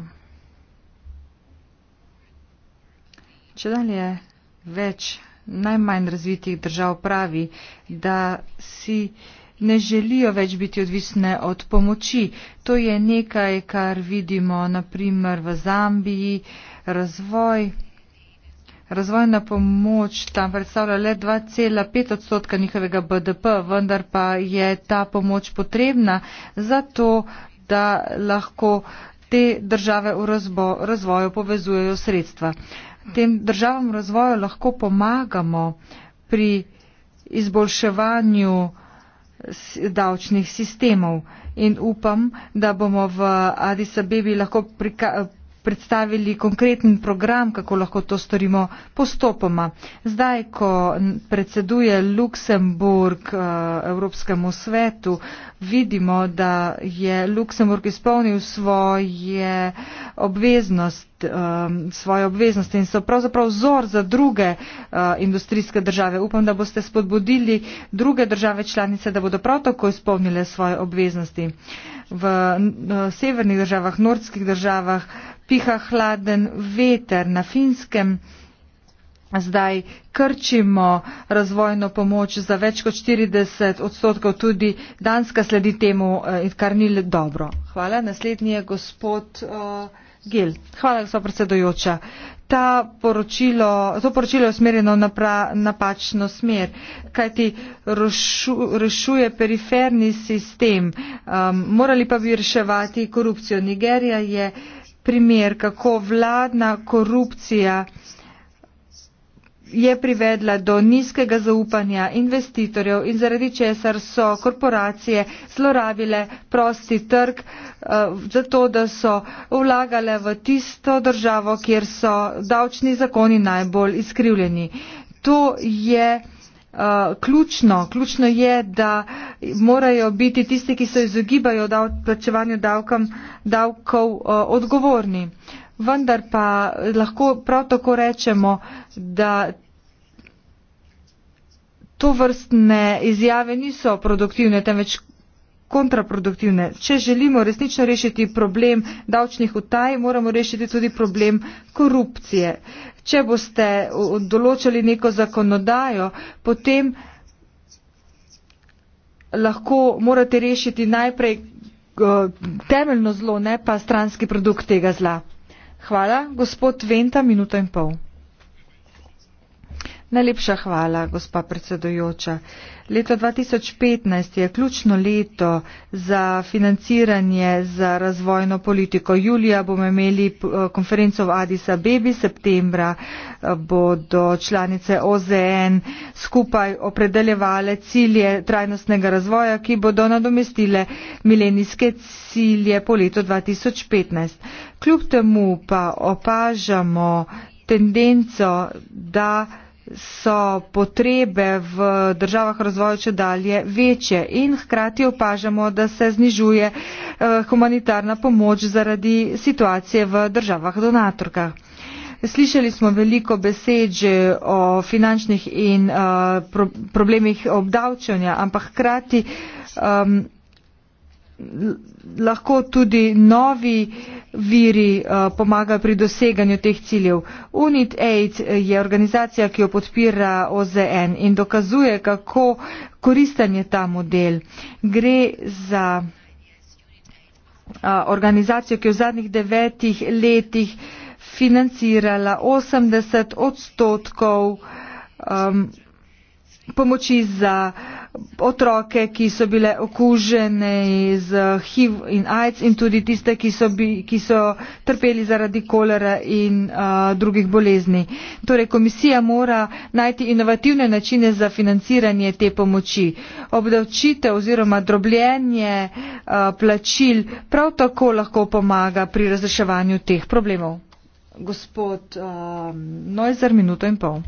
Če dalje več najmanj razvitih držav pravi, da si ne želijo več biti odvisne od pomoči. To je nekaj, kar vidimo naprimer v Zambiji. Razvoj, razvojna pomoč tam predstavlja le 2,5 odstotka njihovega BDP, vendar pa je ta pomoč potrebna za to, da lahko te države v razvoju povezujejo sredstva. Tem državam v razvoju lahko pomagamo pri izboljševanju davčnih sistemov in upam da bomo v addis abebi lahko prikazali predstavili konkreten program, kako lahko to storimo postopoma. Zdaj, ko predseduje Luksemburg uh, Evropskemu svetu, vidimo, da je Luksemburg izpolnil svoje obveznost, uh, svoje obveznosti in so pravzaprav vzor za druge uh, industrijske države. Upam, da boste spodbudili druge države članice, da bodo prav tako izpolnile svoje obveznosti. V uh, severnih državah, nordskih državah, piha hladen veter na finskem. Zdaj krčimo razvojno pomoč za več kot 40 odstotkov, tudi Danska sledi temu, eh, kar ni dobro. Hvala. Naslednji je gospod uh, eh, Gil. Hvala, gospod predsedojoča. Poročilo, to poročilo je usmerjeno na napačno smer, kajti rošu, rešuje periferni sistem. Um, morali pa bi reševati korupcijo. Nigerija je uh, primer, kako vladna korupcija je privedla do nizkega zaupanja investitorjev in zaradi česar so korporacije zlorabile prosti trg, eh, zato da so vlagale v tisto državo, kjer so davčni zakoni najbolj izkrivljeni. To je uh, ključno. Ključno je, da morajo biti tisti, ki se izogibajo dav, plačevanju davkom, davkov, uh, odgovorni. Vendar pa lahko prav tako rečemo, da. To vrstne izjave niso produktivne, temveč kontraproduktivne. Če želimo resnično rešiti problem davčnih utaj, moramo rešiti tudi problem korupcije. Če boste določili neko zakonodajo, potem lahko morate rešiti najprej temeljno zlo, ne pa stranski produkt tega zla. Hvala, gospod Venta, minuto in pol. Najlepša hvala, gospa predsedujoča. Leto 2015 je ključno leto za financiranje za razvojno politiko. Julija bomo imeli eh, konferenco v Adisa Bebi, septembra eh, bodo članice OZN skupaj opredeljevale cilje trajnostnega razvoja, ki bodo nadomestile milenijske cilje po letu 2015. Kljub temu pa opažamo tendenco, da so potrebe v državah razvoju če dalje večje in hkrati opažamo, da se znižuje eh, humanitarna pomoč zaradi situacije v državah donatorkah. Slišali smo veliko besed o finančnih in eh, problemih obdavčanja, ampak hkrati um, lahko tudi novi uh, viri eh, pomagajo pri doseganju teh ciljev. UNITAID eh, je organizacija, ki jo podpira OZN in dokazuje, kako koristen je ta model. Gre za eh, organizacijo, ki je v zadnjih devetih letih financirala 80 odstotkov um, pomoči za uh, otroke, ki so bile okužene z HIV in AIDS in tudi tiste, ki so, bi, ki so trpeli zaradi kolera in uh, drugih bolezni. Torej, komisija mora najti inovativne načine za financiranje te pomoči. Obdavčitev oziroma drobljenje uh, plačil prav tako lahko pomaga pri razreševanju teh problemov. Gospod uh, Nojzer, minuto in pol.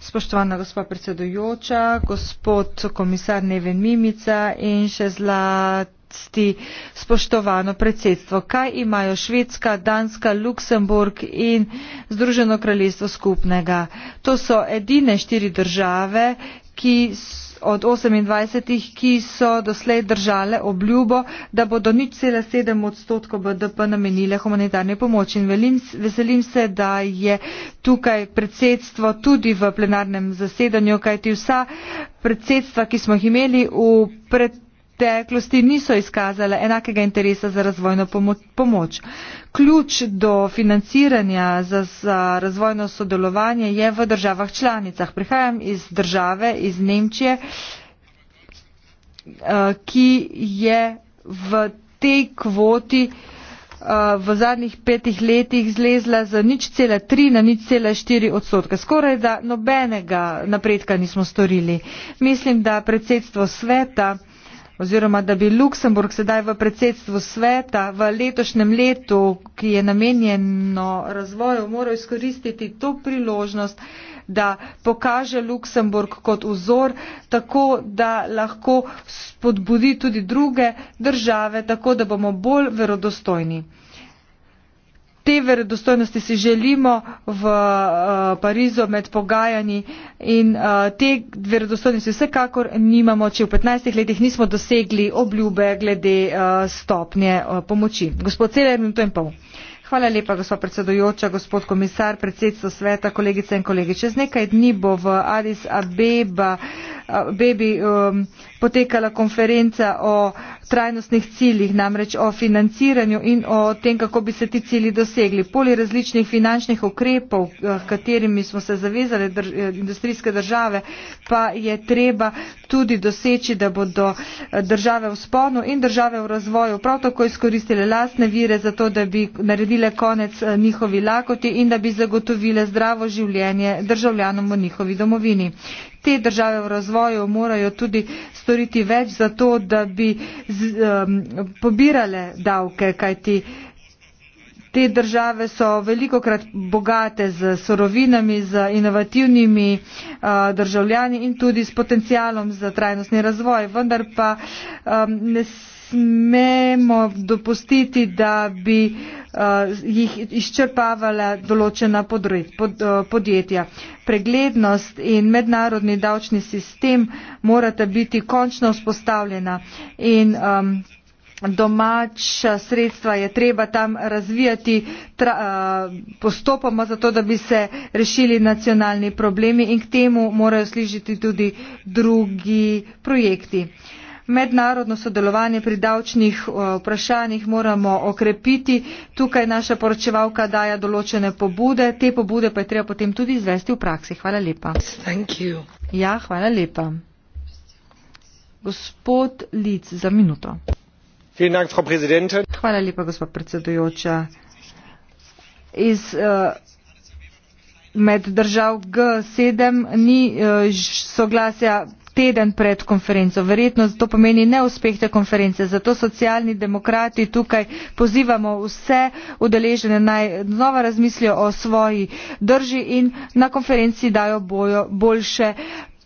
Spoštovana gospa predsedujoča, gospod komisar Neven Mimica in še zlasti spoštovano predsedstvo. Kaj imajo Švedska, Danska, Luksemburg in Združeno kraljestvo skupnega? To so edine štiri države, ki so od osemindvajsetih ki so doslej držale obljubo da bodo nič cela sedem odstotkov bdp namenile humanitarni pomoči in velim, veselim se da je tukaj predsedstvo tudi v plenarnem zasedanju kajti vsa predsedstva ki smo jih imeli v pred preteklosti niso izkazale enakega interesa za razvojno pomoč. Ključ do financiranja za, za razvojno sodelovanje je v državah članicah. Prihajam iz države, iz Nemčije, eh, ki je v tej kvoti eh, v zadnjih petih letih zlezla za nič cela tri na nič cela štiri odstotka. Skoraj da nobenega napredka nismo storili. Mislim, da predsedstvo sveta oziroma da bi Luksemburg sedaj v predsedstvu sveta v letošnjem letu, ki je namenjeno razvoju, moral izkoristiti to priložnost, da pokaže Luksemburg kot vzor, tako da lahko spodbudi tudi druge države, tako da bomo bolj verodostojni te verodostojnosti si želimo v uh, Parizu med pogajanji in uh, te verodostojnosti vsekakor nimamo, če v 15 letih nismo dosegli obljube glede uh, stopnje uh, pomoči. Gospod Celer, minuto in pol. Hvala lepa, gospod predsedojoča, gospod komisar, predsedstvo sveta, kolegice in kolegi. Čez nekaj dni bo v Adis Abeba uh, Abebi um, potekala konferenca o trajnostnih ciljih, namreč o financiranju in o tem, kako bi se ti cilji dosegli. Poli različnih finančnih ukrepov, eh, katerimi smo se zavezali dr eh, industrijske države, pa je treba tudi doseči, da bodo eh, države v sponu in države v razvoju prav tako izkoristile lastne vire za to, da bi naredile konec njihovi lakoti in da bi zagotovile zdravo življenje državljanom v njihovi domovini te države v razvoju morajo tudi storiti več za to, da bi z, um, pobirale davke, kajti te države so veliko krat bogate z sorovinami, z inovativnimi uh, državljani in tudi s potencialom za trajnostni razvoj. Vendar pa um, ne smemo dopustiti, da bi uh, uh, jih izčrpavala določena podri, pod, uh, podjetja. Preglednost in mednarodni davčni sistem morata biti končno vzpostavljena in um, domača sredstva je treba tam razvijati tra, uh, postopoma, zato da bi se rešili nacionalni problemi in k temu morajo služiti tudi drugi projekti. Uh, mednarodno sodelovanje pri davčnih eh, vprašanjih moramo okrepiti. Tukaj naša poročevalka daja določene pobude, te pobude pa je treba potem tudi izvesti v praksi. Hvala lepa. Ja, hvala lepa. Gospod Lic za minuto. Hvala lepa, gospod predsedujoča. Iz, uh, med držav G7 ni uh, soglasja teden pred konferenco. Verjetno to pomeni neuspeh te konference. Zato socialni demokrati tukaj pozivamo vse udeležene naj znova razmislijo o svoji drži in na konferenci dajo bojo boljše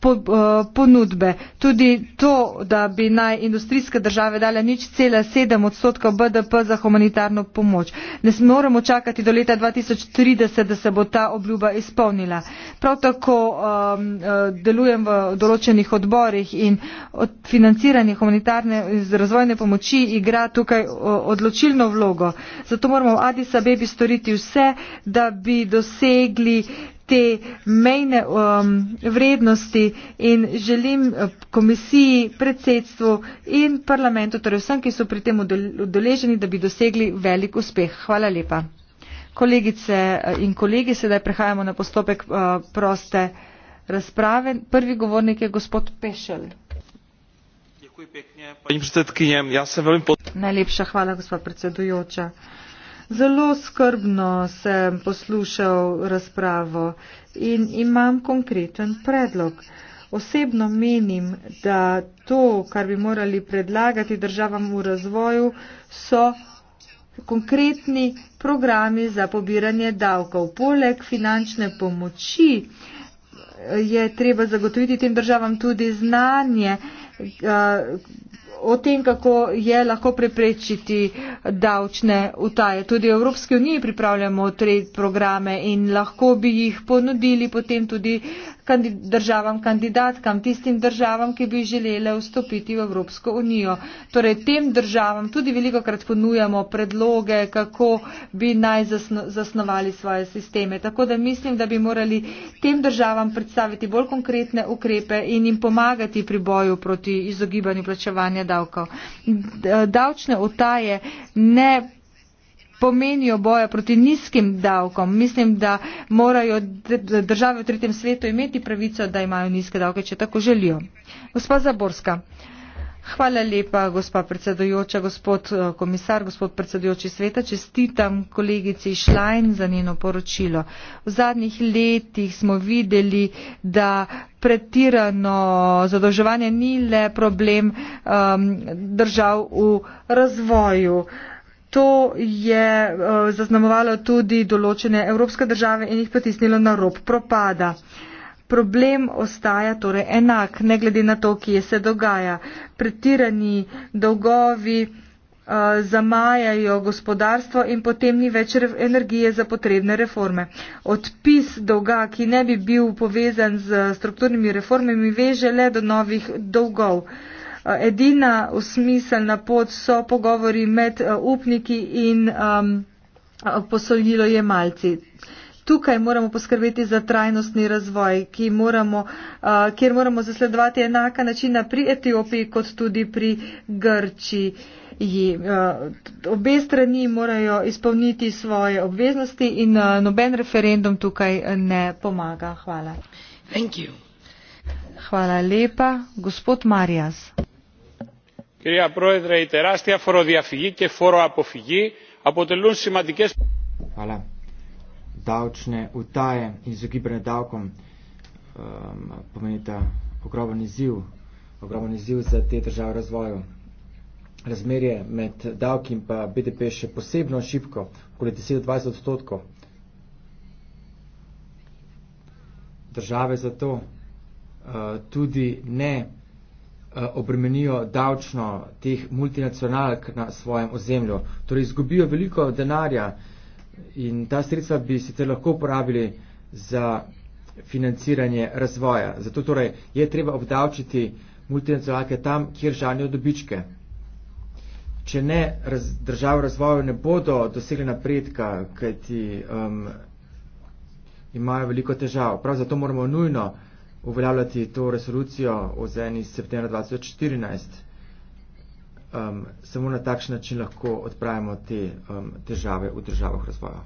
Eh, ponudbe. Tudi to, da bi naj industrijske države dale nič cela sedem odstotkov BDP za humanitarno pomoč. Ne moremo čakati do leta 2030, da se bo ta obljuba izpolnila. Prav tako um, delujem v določenih odborih in od financiranje humanitarne in razvojne pomoči igra tukaj eh, odločilno vlogo. Zato moramo v Adisa Bebi storiti vse, da bi dosegli te mejne um, vrednosti in želim eh, komisiji, predsedstvu in parlamentu, torej vsem, ki so pri tem udeleženi, da bi dosegli velik uspeh. Hvala lepa. Kolegice eh, in kolegi, sedaj prehajamo na postopek uh, proste razprave. Prvi govornik je gospod Pešel. Najlepša hvala, gospod predsedujoča. Zelo skrbno sem poslušal razpravo in imam konkreten predlog. Osebno menim, da to, kar bi morali predlagati državam v razvoju, so konkretni programi za pobiranje davkov. Poleg finančne pomoči eh, je treba zagotoviti tem državam tudi znanje, eh, o tem, kako je lahko preprečiti davčne utaje. Tudi v Evropski uniji pripravljamo trej programe in lahko bi jih ponudili potem tudi kandid državam kandidatkam, tistim državam, ki bi želele vstopiti v Evropsko unijo. Torej, tem državam tudi veliko krat ponujamo predloge, kako bi naj zasno zasnovali svoje sisteme. Tako da mislim, da bi morali tem državam predstaviti bolj konkretne ukrepe in jim pomagati pri boju proti izogibanju plačevanja davkov. Eh, davčne utaje ne pomenijo boja proti nizkim davkom. Mislim, da morajo države v tretjem svetu imeti pravico, da imajo nizke davke, če tako želijo. Gospa Zaborska. Hvala lepa, gospa predsedujoča, gospod eh, komisar, gospod predsedujoči sveta. Čestitam kolegici Šlajn za njeno poročilo. V zadnjih letih smo videli, da pretirano zadolževanje ni le problem um, držav v razvoju. To je uh, zaznamovalo tudi določene evropske države in jih potisnilo na rob propada. Uh, problem ostaja torej enak, ne glede na to, kje se dogaja. Pretirani dolgovi eh, zamajajo gospodarstvo in potem ni več energije za potrebne reforme. Odpis dolga, ki ne bi bil povezan z strukturnimi reformami, veže le do novih dolgov. Eh, edina usmiselna pot so pogovori med eh, upniki in um, ehm, posoljilo je malci tukaj moramo poskrbeti za trajnostni razvoj, moramo, kjer moramo zasledovati enaka načina pri Etiopiji kot tudi pri Grči. Ji, uh, obe strani morajo izpolniti svoje obveznosti in uh, noben referendum tukaj ne pomaga. Hvala. Hvala lepa. Gospod Marjas. Hvala davčne utaje in izogibanje davkom um, pomenita ogroben izziv, ogroben izziv za te države razvoju. Razmerje med davki in pa BDP še posebno šipko, okoli 10-20 odstotkov. Države zato uh, tudi ne uh, obremenijo davčno teh multinacionalk na svojem ozemlju. Torej izgubijo veliko denarja uh, In ta sredstva bi sicer lahko uporabili za financiranje razvoja. Zato torej je treba obdavčiti multinacionalke tam, kjer žanijo dobičke. Če ne, raz, države razvoju ne bodo dosegli napredka, kajti um, imajo veliko težav. Prav zato moramo nujno uveljavljati to resolucijo o ZN iz septembra 2014 um, samo na takšen način lahko odpravimo te um, težave v državah razvoja.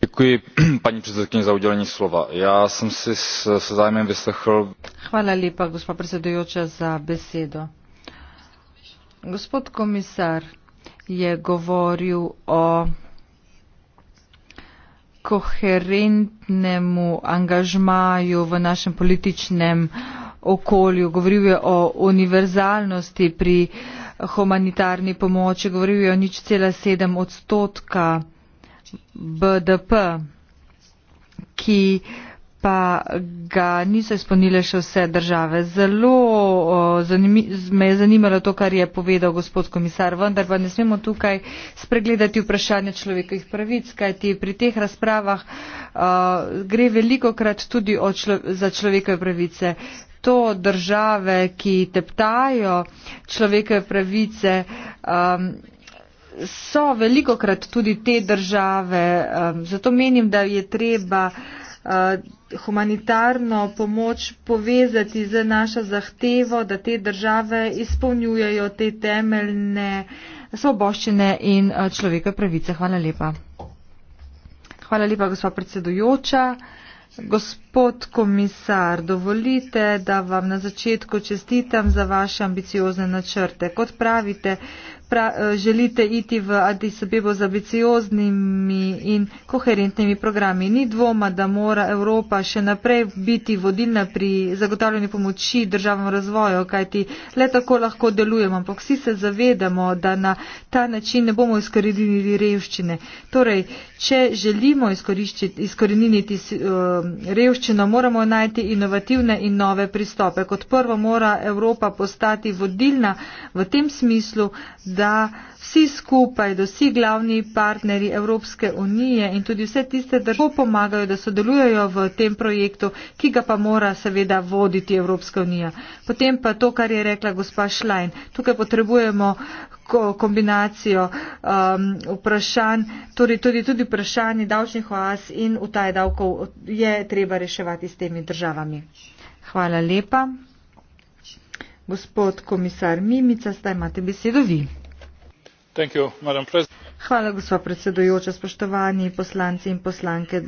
Děkuji, paní předsedkyně, za udělení slova. Já jsem si s, s zájmem vyslechl. Hvala lepa, gospod predsedujoča, za besedo. Gospod komisar je govoril o koherentnemu angažmaju v našem političnem uh, okolju, govoril je o univerzalnosti pri humanitarni pomoči, govoril je o nič cela sedem odstotka BDP, ki pa ga niso izpolnile še vse države. Zelo me je zanimalo to, kar je povedal gospod komisar, vendar pa ne smemo tukaj spregledati vprašanje človekovih pravic, kajti pri teh razpravah uh, gre veliko krat tudi člo za človekove pravice to države, ki teptajo človekove pravice, um, so veliko krat tudi te države. Um, zato menim, da je treba uh, humanitarno pomoč povezati z našo zahtevo, da te države izpolnjujejo te temeljne svoboščine in uh, človekove pravice. Hvala lepa. Hvala lepa, gospod predsedujoča. Gospod komisar, dovolite, da vam na začetku čestitam za vaše ambiciozne načrte. Kot pravite, pra, eh, želite iti v Addis Abebo z ambicioznimi in koherentnimi programi. Ni dvoma, da mora Evropa še naprej biti vodilna pri zagotavljanju pomoči državam razvoju, kajti le tako lahko delujemo, ampak vsi se zavedamo, da na ta način ne bomo izkoreninili revščine. Torej, če želimo izkoreniniti uh, revščino, moramo najti inovativne in nove pristope. Kot prvo mora Evropa postati vodilna v tem smislu, da vsi skupaj, da vsi glavni partneri Evropske unije in tudi vse tiste države pomagajo, da sodelujejo v tem projektu, ki ga pa mora seveda voditi Evropska unija. Potem pa to, kar je rekla gospa Šlajn. Tukaj potrebujemo kombinacijo um, vprašanj, torej tudi, tudi vprašanje davčnih oaz in utaje davkov je treba reševati s temi državami. Hvala lepa. Gospod komisar Mimica, zdaj imate besedo vi. Hvala, gospod predsedujoča, spoštovani poslanci in poslanke.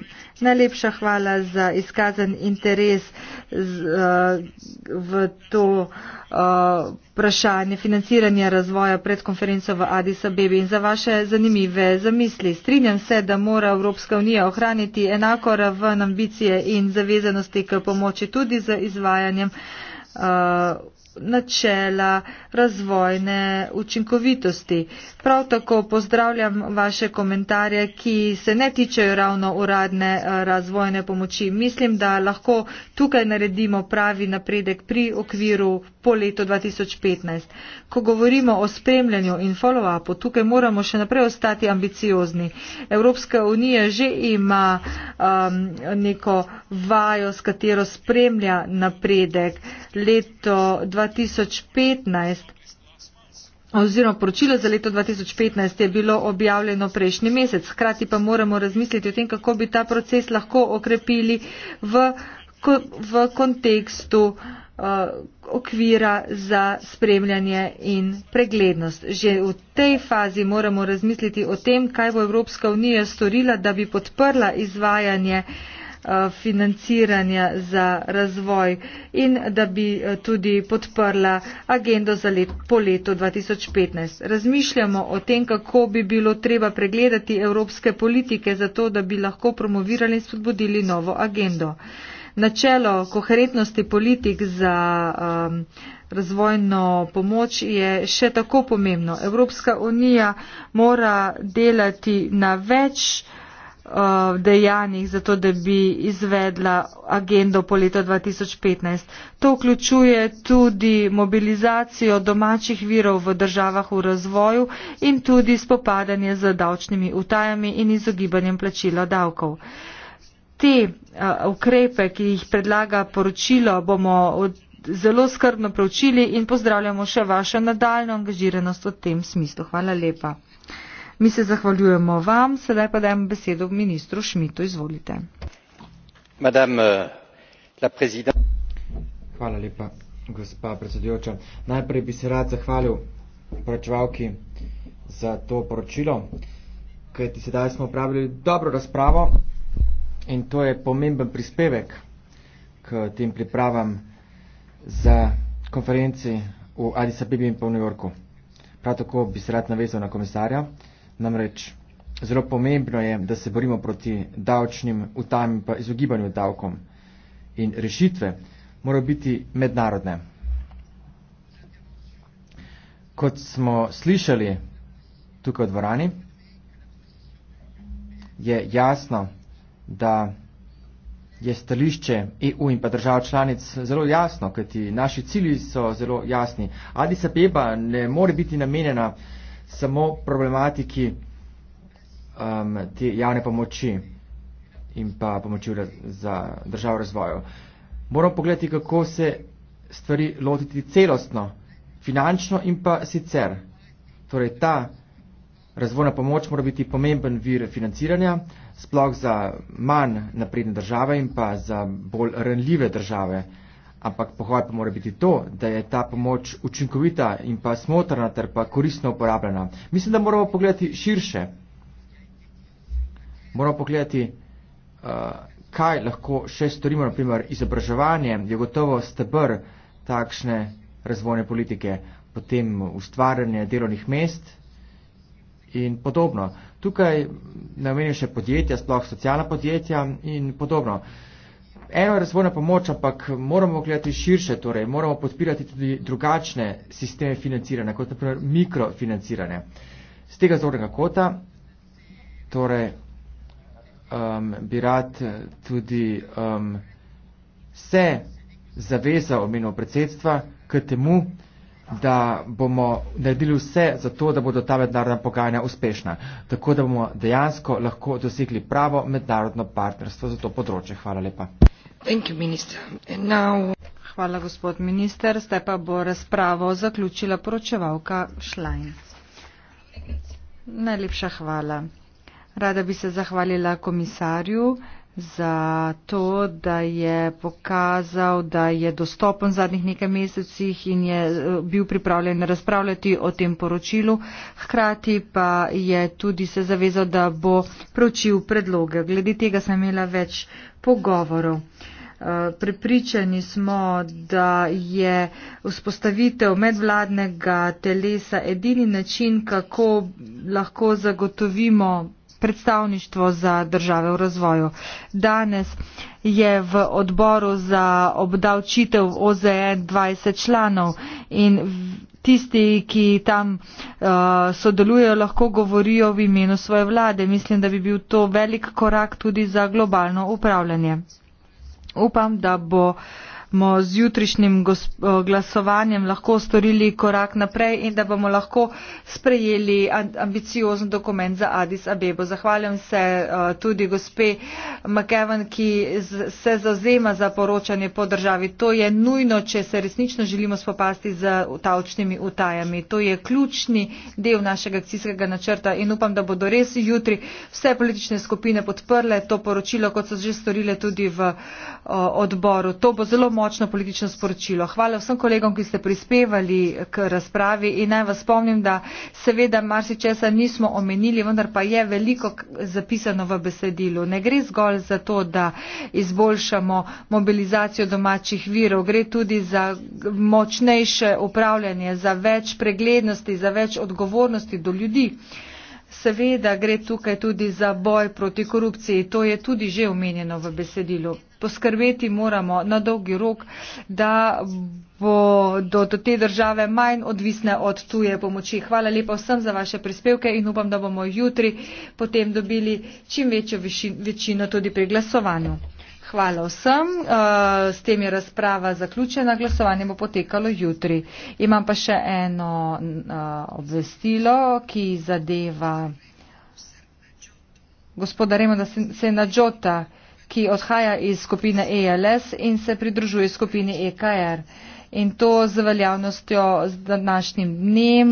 Najlepša hvala za izkazan interes eh, v to eh, vprašanje financiranja razvoja pred konferenco v Adisa Bebi in za vaše zanimive zamisli. Strinjam se, da mora Evropska unija ohraniti enako raven ambicije in zavezanosti k pomoči tudi z izvajanjem. Uh, načela razvojne učinkovitosti. Prav tako pozdravljam vaše komentarje, ki se ne tičejo ravno uradne eh, razvojne pomoči. Mislim, da lahko tukaj naredimo pravi napredek pri okviru po letu 2015. Ko govorimo o spremljanju in follow-upu, tukaj moramo še naprej ostati ambiciozni. Evropska unija že ima um, neko vajo, s katero spremlja napredek. Leto 2015 2015. Oziroma, poročilo za leto 2015 je bilo objavljeno prejšnji mesec. Hkrati pa moramo razmisliti o tem, kako bi ta proces lahko okrepili v, v kontekstu uh, okvira za spremljanje in preglednost. Že v tej fazi moramo razmisliti o tem, kaj bo Evropska unija storila, da bi podprla izvajanje uh, Eh, financiranja za razvoj in da bi eh, tudi podprla agendo za let, po letu 2015. Razmišljamo o tem, kako bi bilo treba pregledati evropske politike za to, da bi lahko promovirali in spodbudili novo agendo. Načelo koherentnosti politik za um, razvojno pomoč je še tako pomembno. Evropska unija mora delati na več Eh, dejanjih zato, da bi izvedla agendo po leto 2015. To vključuje tudi mobilizacijo domačih virov v državah v razvoju in tudi spopadanje z davčnimi utajami in izogibanjem plačila davkov. Te eh, ukrepe, ki jih predlaga poročilo, bomo zelo skrbno preučili in pozdravljamo še vašo nadaljno angažiranost v tem smislu. Hvala lepa. Mi se zahvaljujemo vam, sedaj pa dajem besedo ministru Šmitu. Izvolite. Eh, Hvala lepa, gospa predsedujoča. Najprej bi se rad zahvalil poročevalki za to poročilo, kajti sedaj smo upravili dobro razpravo in to je pomemben prispevek k tem pripravam za konferenci v Addis Abebi in pa v New Yorku. Prav tako bi se rad navezal na komisarja. Namreč zelo pomembno je, da se borimo proti davčnim utajem in izogibanju davkom. In rešitve morajo biti mednarodne. Kot smo slišali tukaj v dvorani, je jasno, da je stališče EU in pa držav članic zelo jasno, kajti naši cilji so zelo jasni. Adisabeba ne more biti namenjena samo problematiki um, te javne pomoči in pa pomoči za državo razvoju. Moramo pogledati, kako se stvari lotiti celostno, finančno in pa sicer. Torej, ta razvojna pomoč mora biti pomemben vir financiranja, sploh za manj napredne države in pa za bolj renljive države. Uh, Ampak pohvala pa mora biti to, da je ta pomoč učinkovita in pa smotrna ter pa koristno uporabljena. Mislim, da moramo pogledati širše. Moramo pogledati, uh, kaj lahko še storimo. Naprimer, izobraževanje je gotovo stebr takšne razvojne politike, potem ustvarjanje delovnih mest in podobno. Tukaj namenjajo še podjetja, sploh socialna podjetja in podobno. Uh, eno je razvojna pomoč, ampak moramo gledati širše, torej moramo podpirati tudi drugačne sisteme financiranja, kot naprimer mikrofinanciranje. Z tega zornega kota torej, um, bi rad tudi um, se zavezal omenil predsedstva k temu, da bomo naredili vse za to, da bodo ta mednarodna pogajanja uspešna, tako da bomo dejansko lahko dosegli pravo mednarodno partnerstvo za to področje. Hvala lepa hvala gospod minister zdaj pa bo razpravo zaključila poročevalka schlein najlepša hvala rada bi se zahvalila komisarju za njegovo poročilo za to, da je pokazal, da je dostopen zadnjih nekaj mesecih in je eh, bil pripravljen razpravljati o tem poročilu. Hkrati pa je tudi se zavezal, da bo pročil predloge. Glede tega sem imela več pogovorov. Eh, prepričani smo, da je vzpostavitev medvladnega telesa edini način, kako lahko zagotovimo predstavništvo za države v razvoju. Danes je v odboru za obdavčitev OZN 20 članov in tisti, ki tam uh, sodelujejo, lahko govorijo v imenu svoje vlade. Mislim, da bi bil to velik korak tudi za globalno upravljanje. Upam, da bo uh, bomo z jutrišnjim glasovanjem lahko storili korak naprej in da bomo lahko sprejeli ambiciozen dokument za Addis Abebo. Zahvaljam se tudi gospe McEwan, ki se zazema za poročanje po državi. To je nujno, če se resnično želimo spopasti z tavčnimi utajami. To je ključni del našega akcijskega načrta in upam, da bodo res jutri vse politične skupine podprle to poročilo, kot so že storile tudi v odboru. To bo zelo močno močno politično sporočilo. Hvala vsem kolegom, ki ste prispevali k razpravi in naj vas spomnim, da seveda marsičesa nismo omenili, vendar pa je veliko zapisano v besedilu. Ne gre zgolj za to, da izboljšamo mobilizacijo domačih virov, gre tudi za močnejše upravljanje, za več preglednosti, za več odgovornosti do ljudi. Seveda gre tukaj tudi za boj proti korupciji, to je tudi že omenjeno v besedilu poskrbeti moramo na dolgi rok, da bodo do te države manj odvisne od tuje pomoči. Hvala lepa vsem za vaše prispevke in upam, da bomo jutri potem dobili čim večjo večino tudi pri glasovanju. Hvala vsem. Eh, s tem je razprava zaključena. Glasovanje bo potekalo jutri. Imam pa še eno eh, obvestilo, ki zadeva gospoda Remona Senadžota. Se ki odhaja iz skupine ELS in se pridružuje skupini EKR. In to z veljavnostjo z današnjim dnem.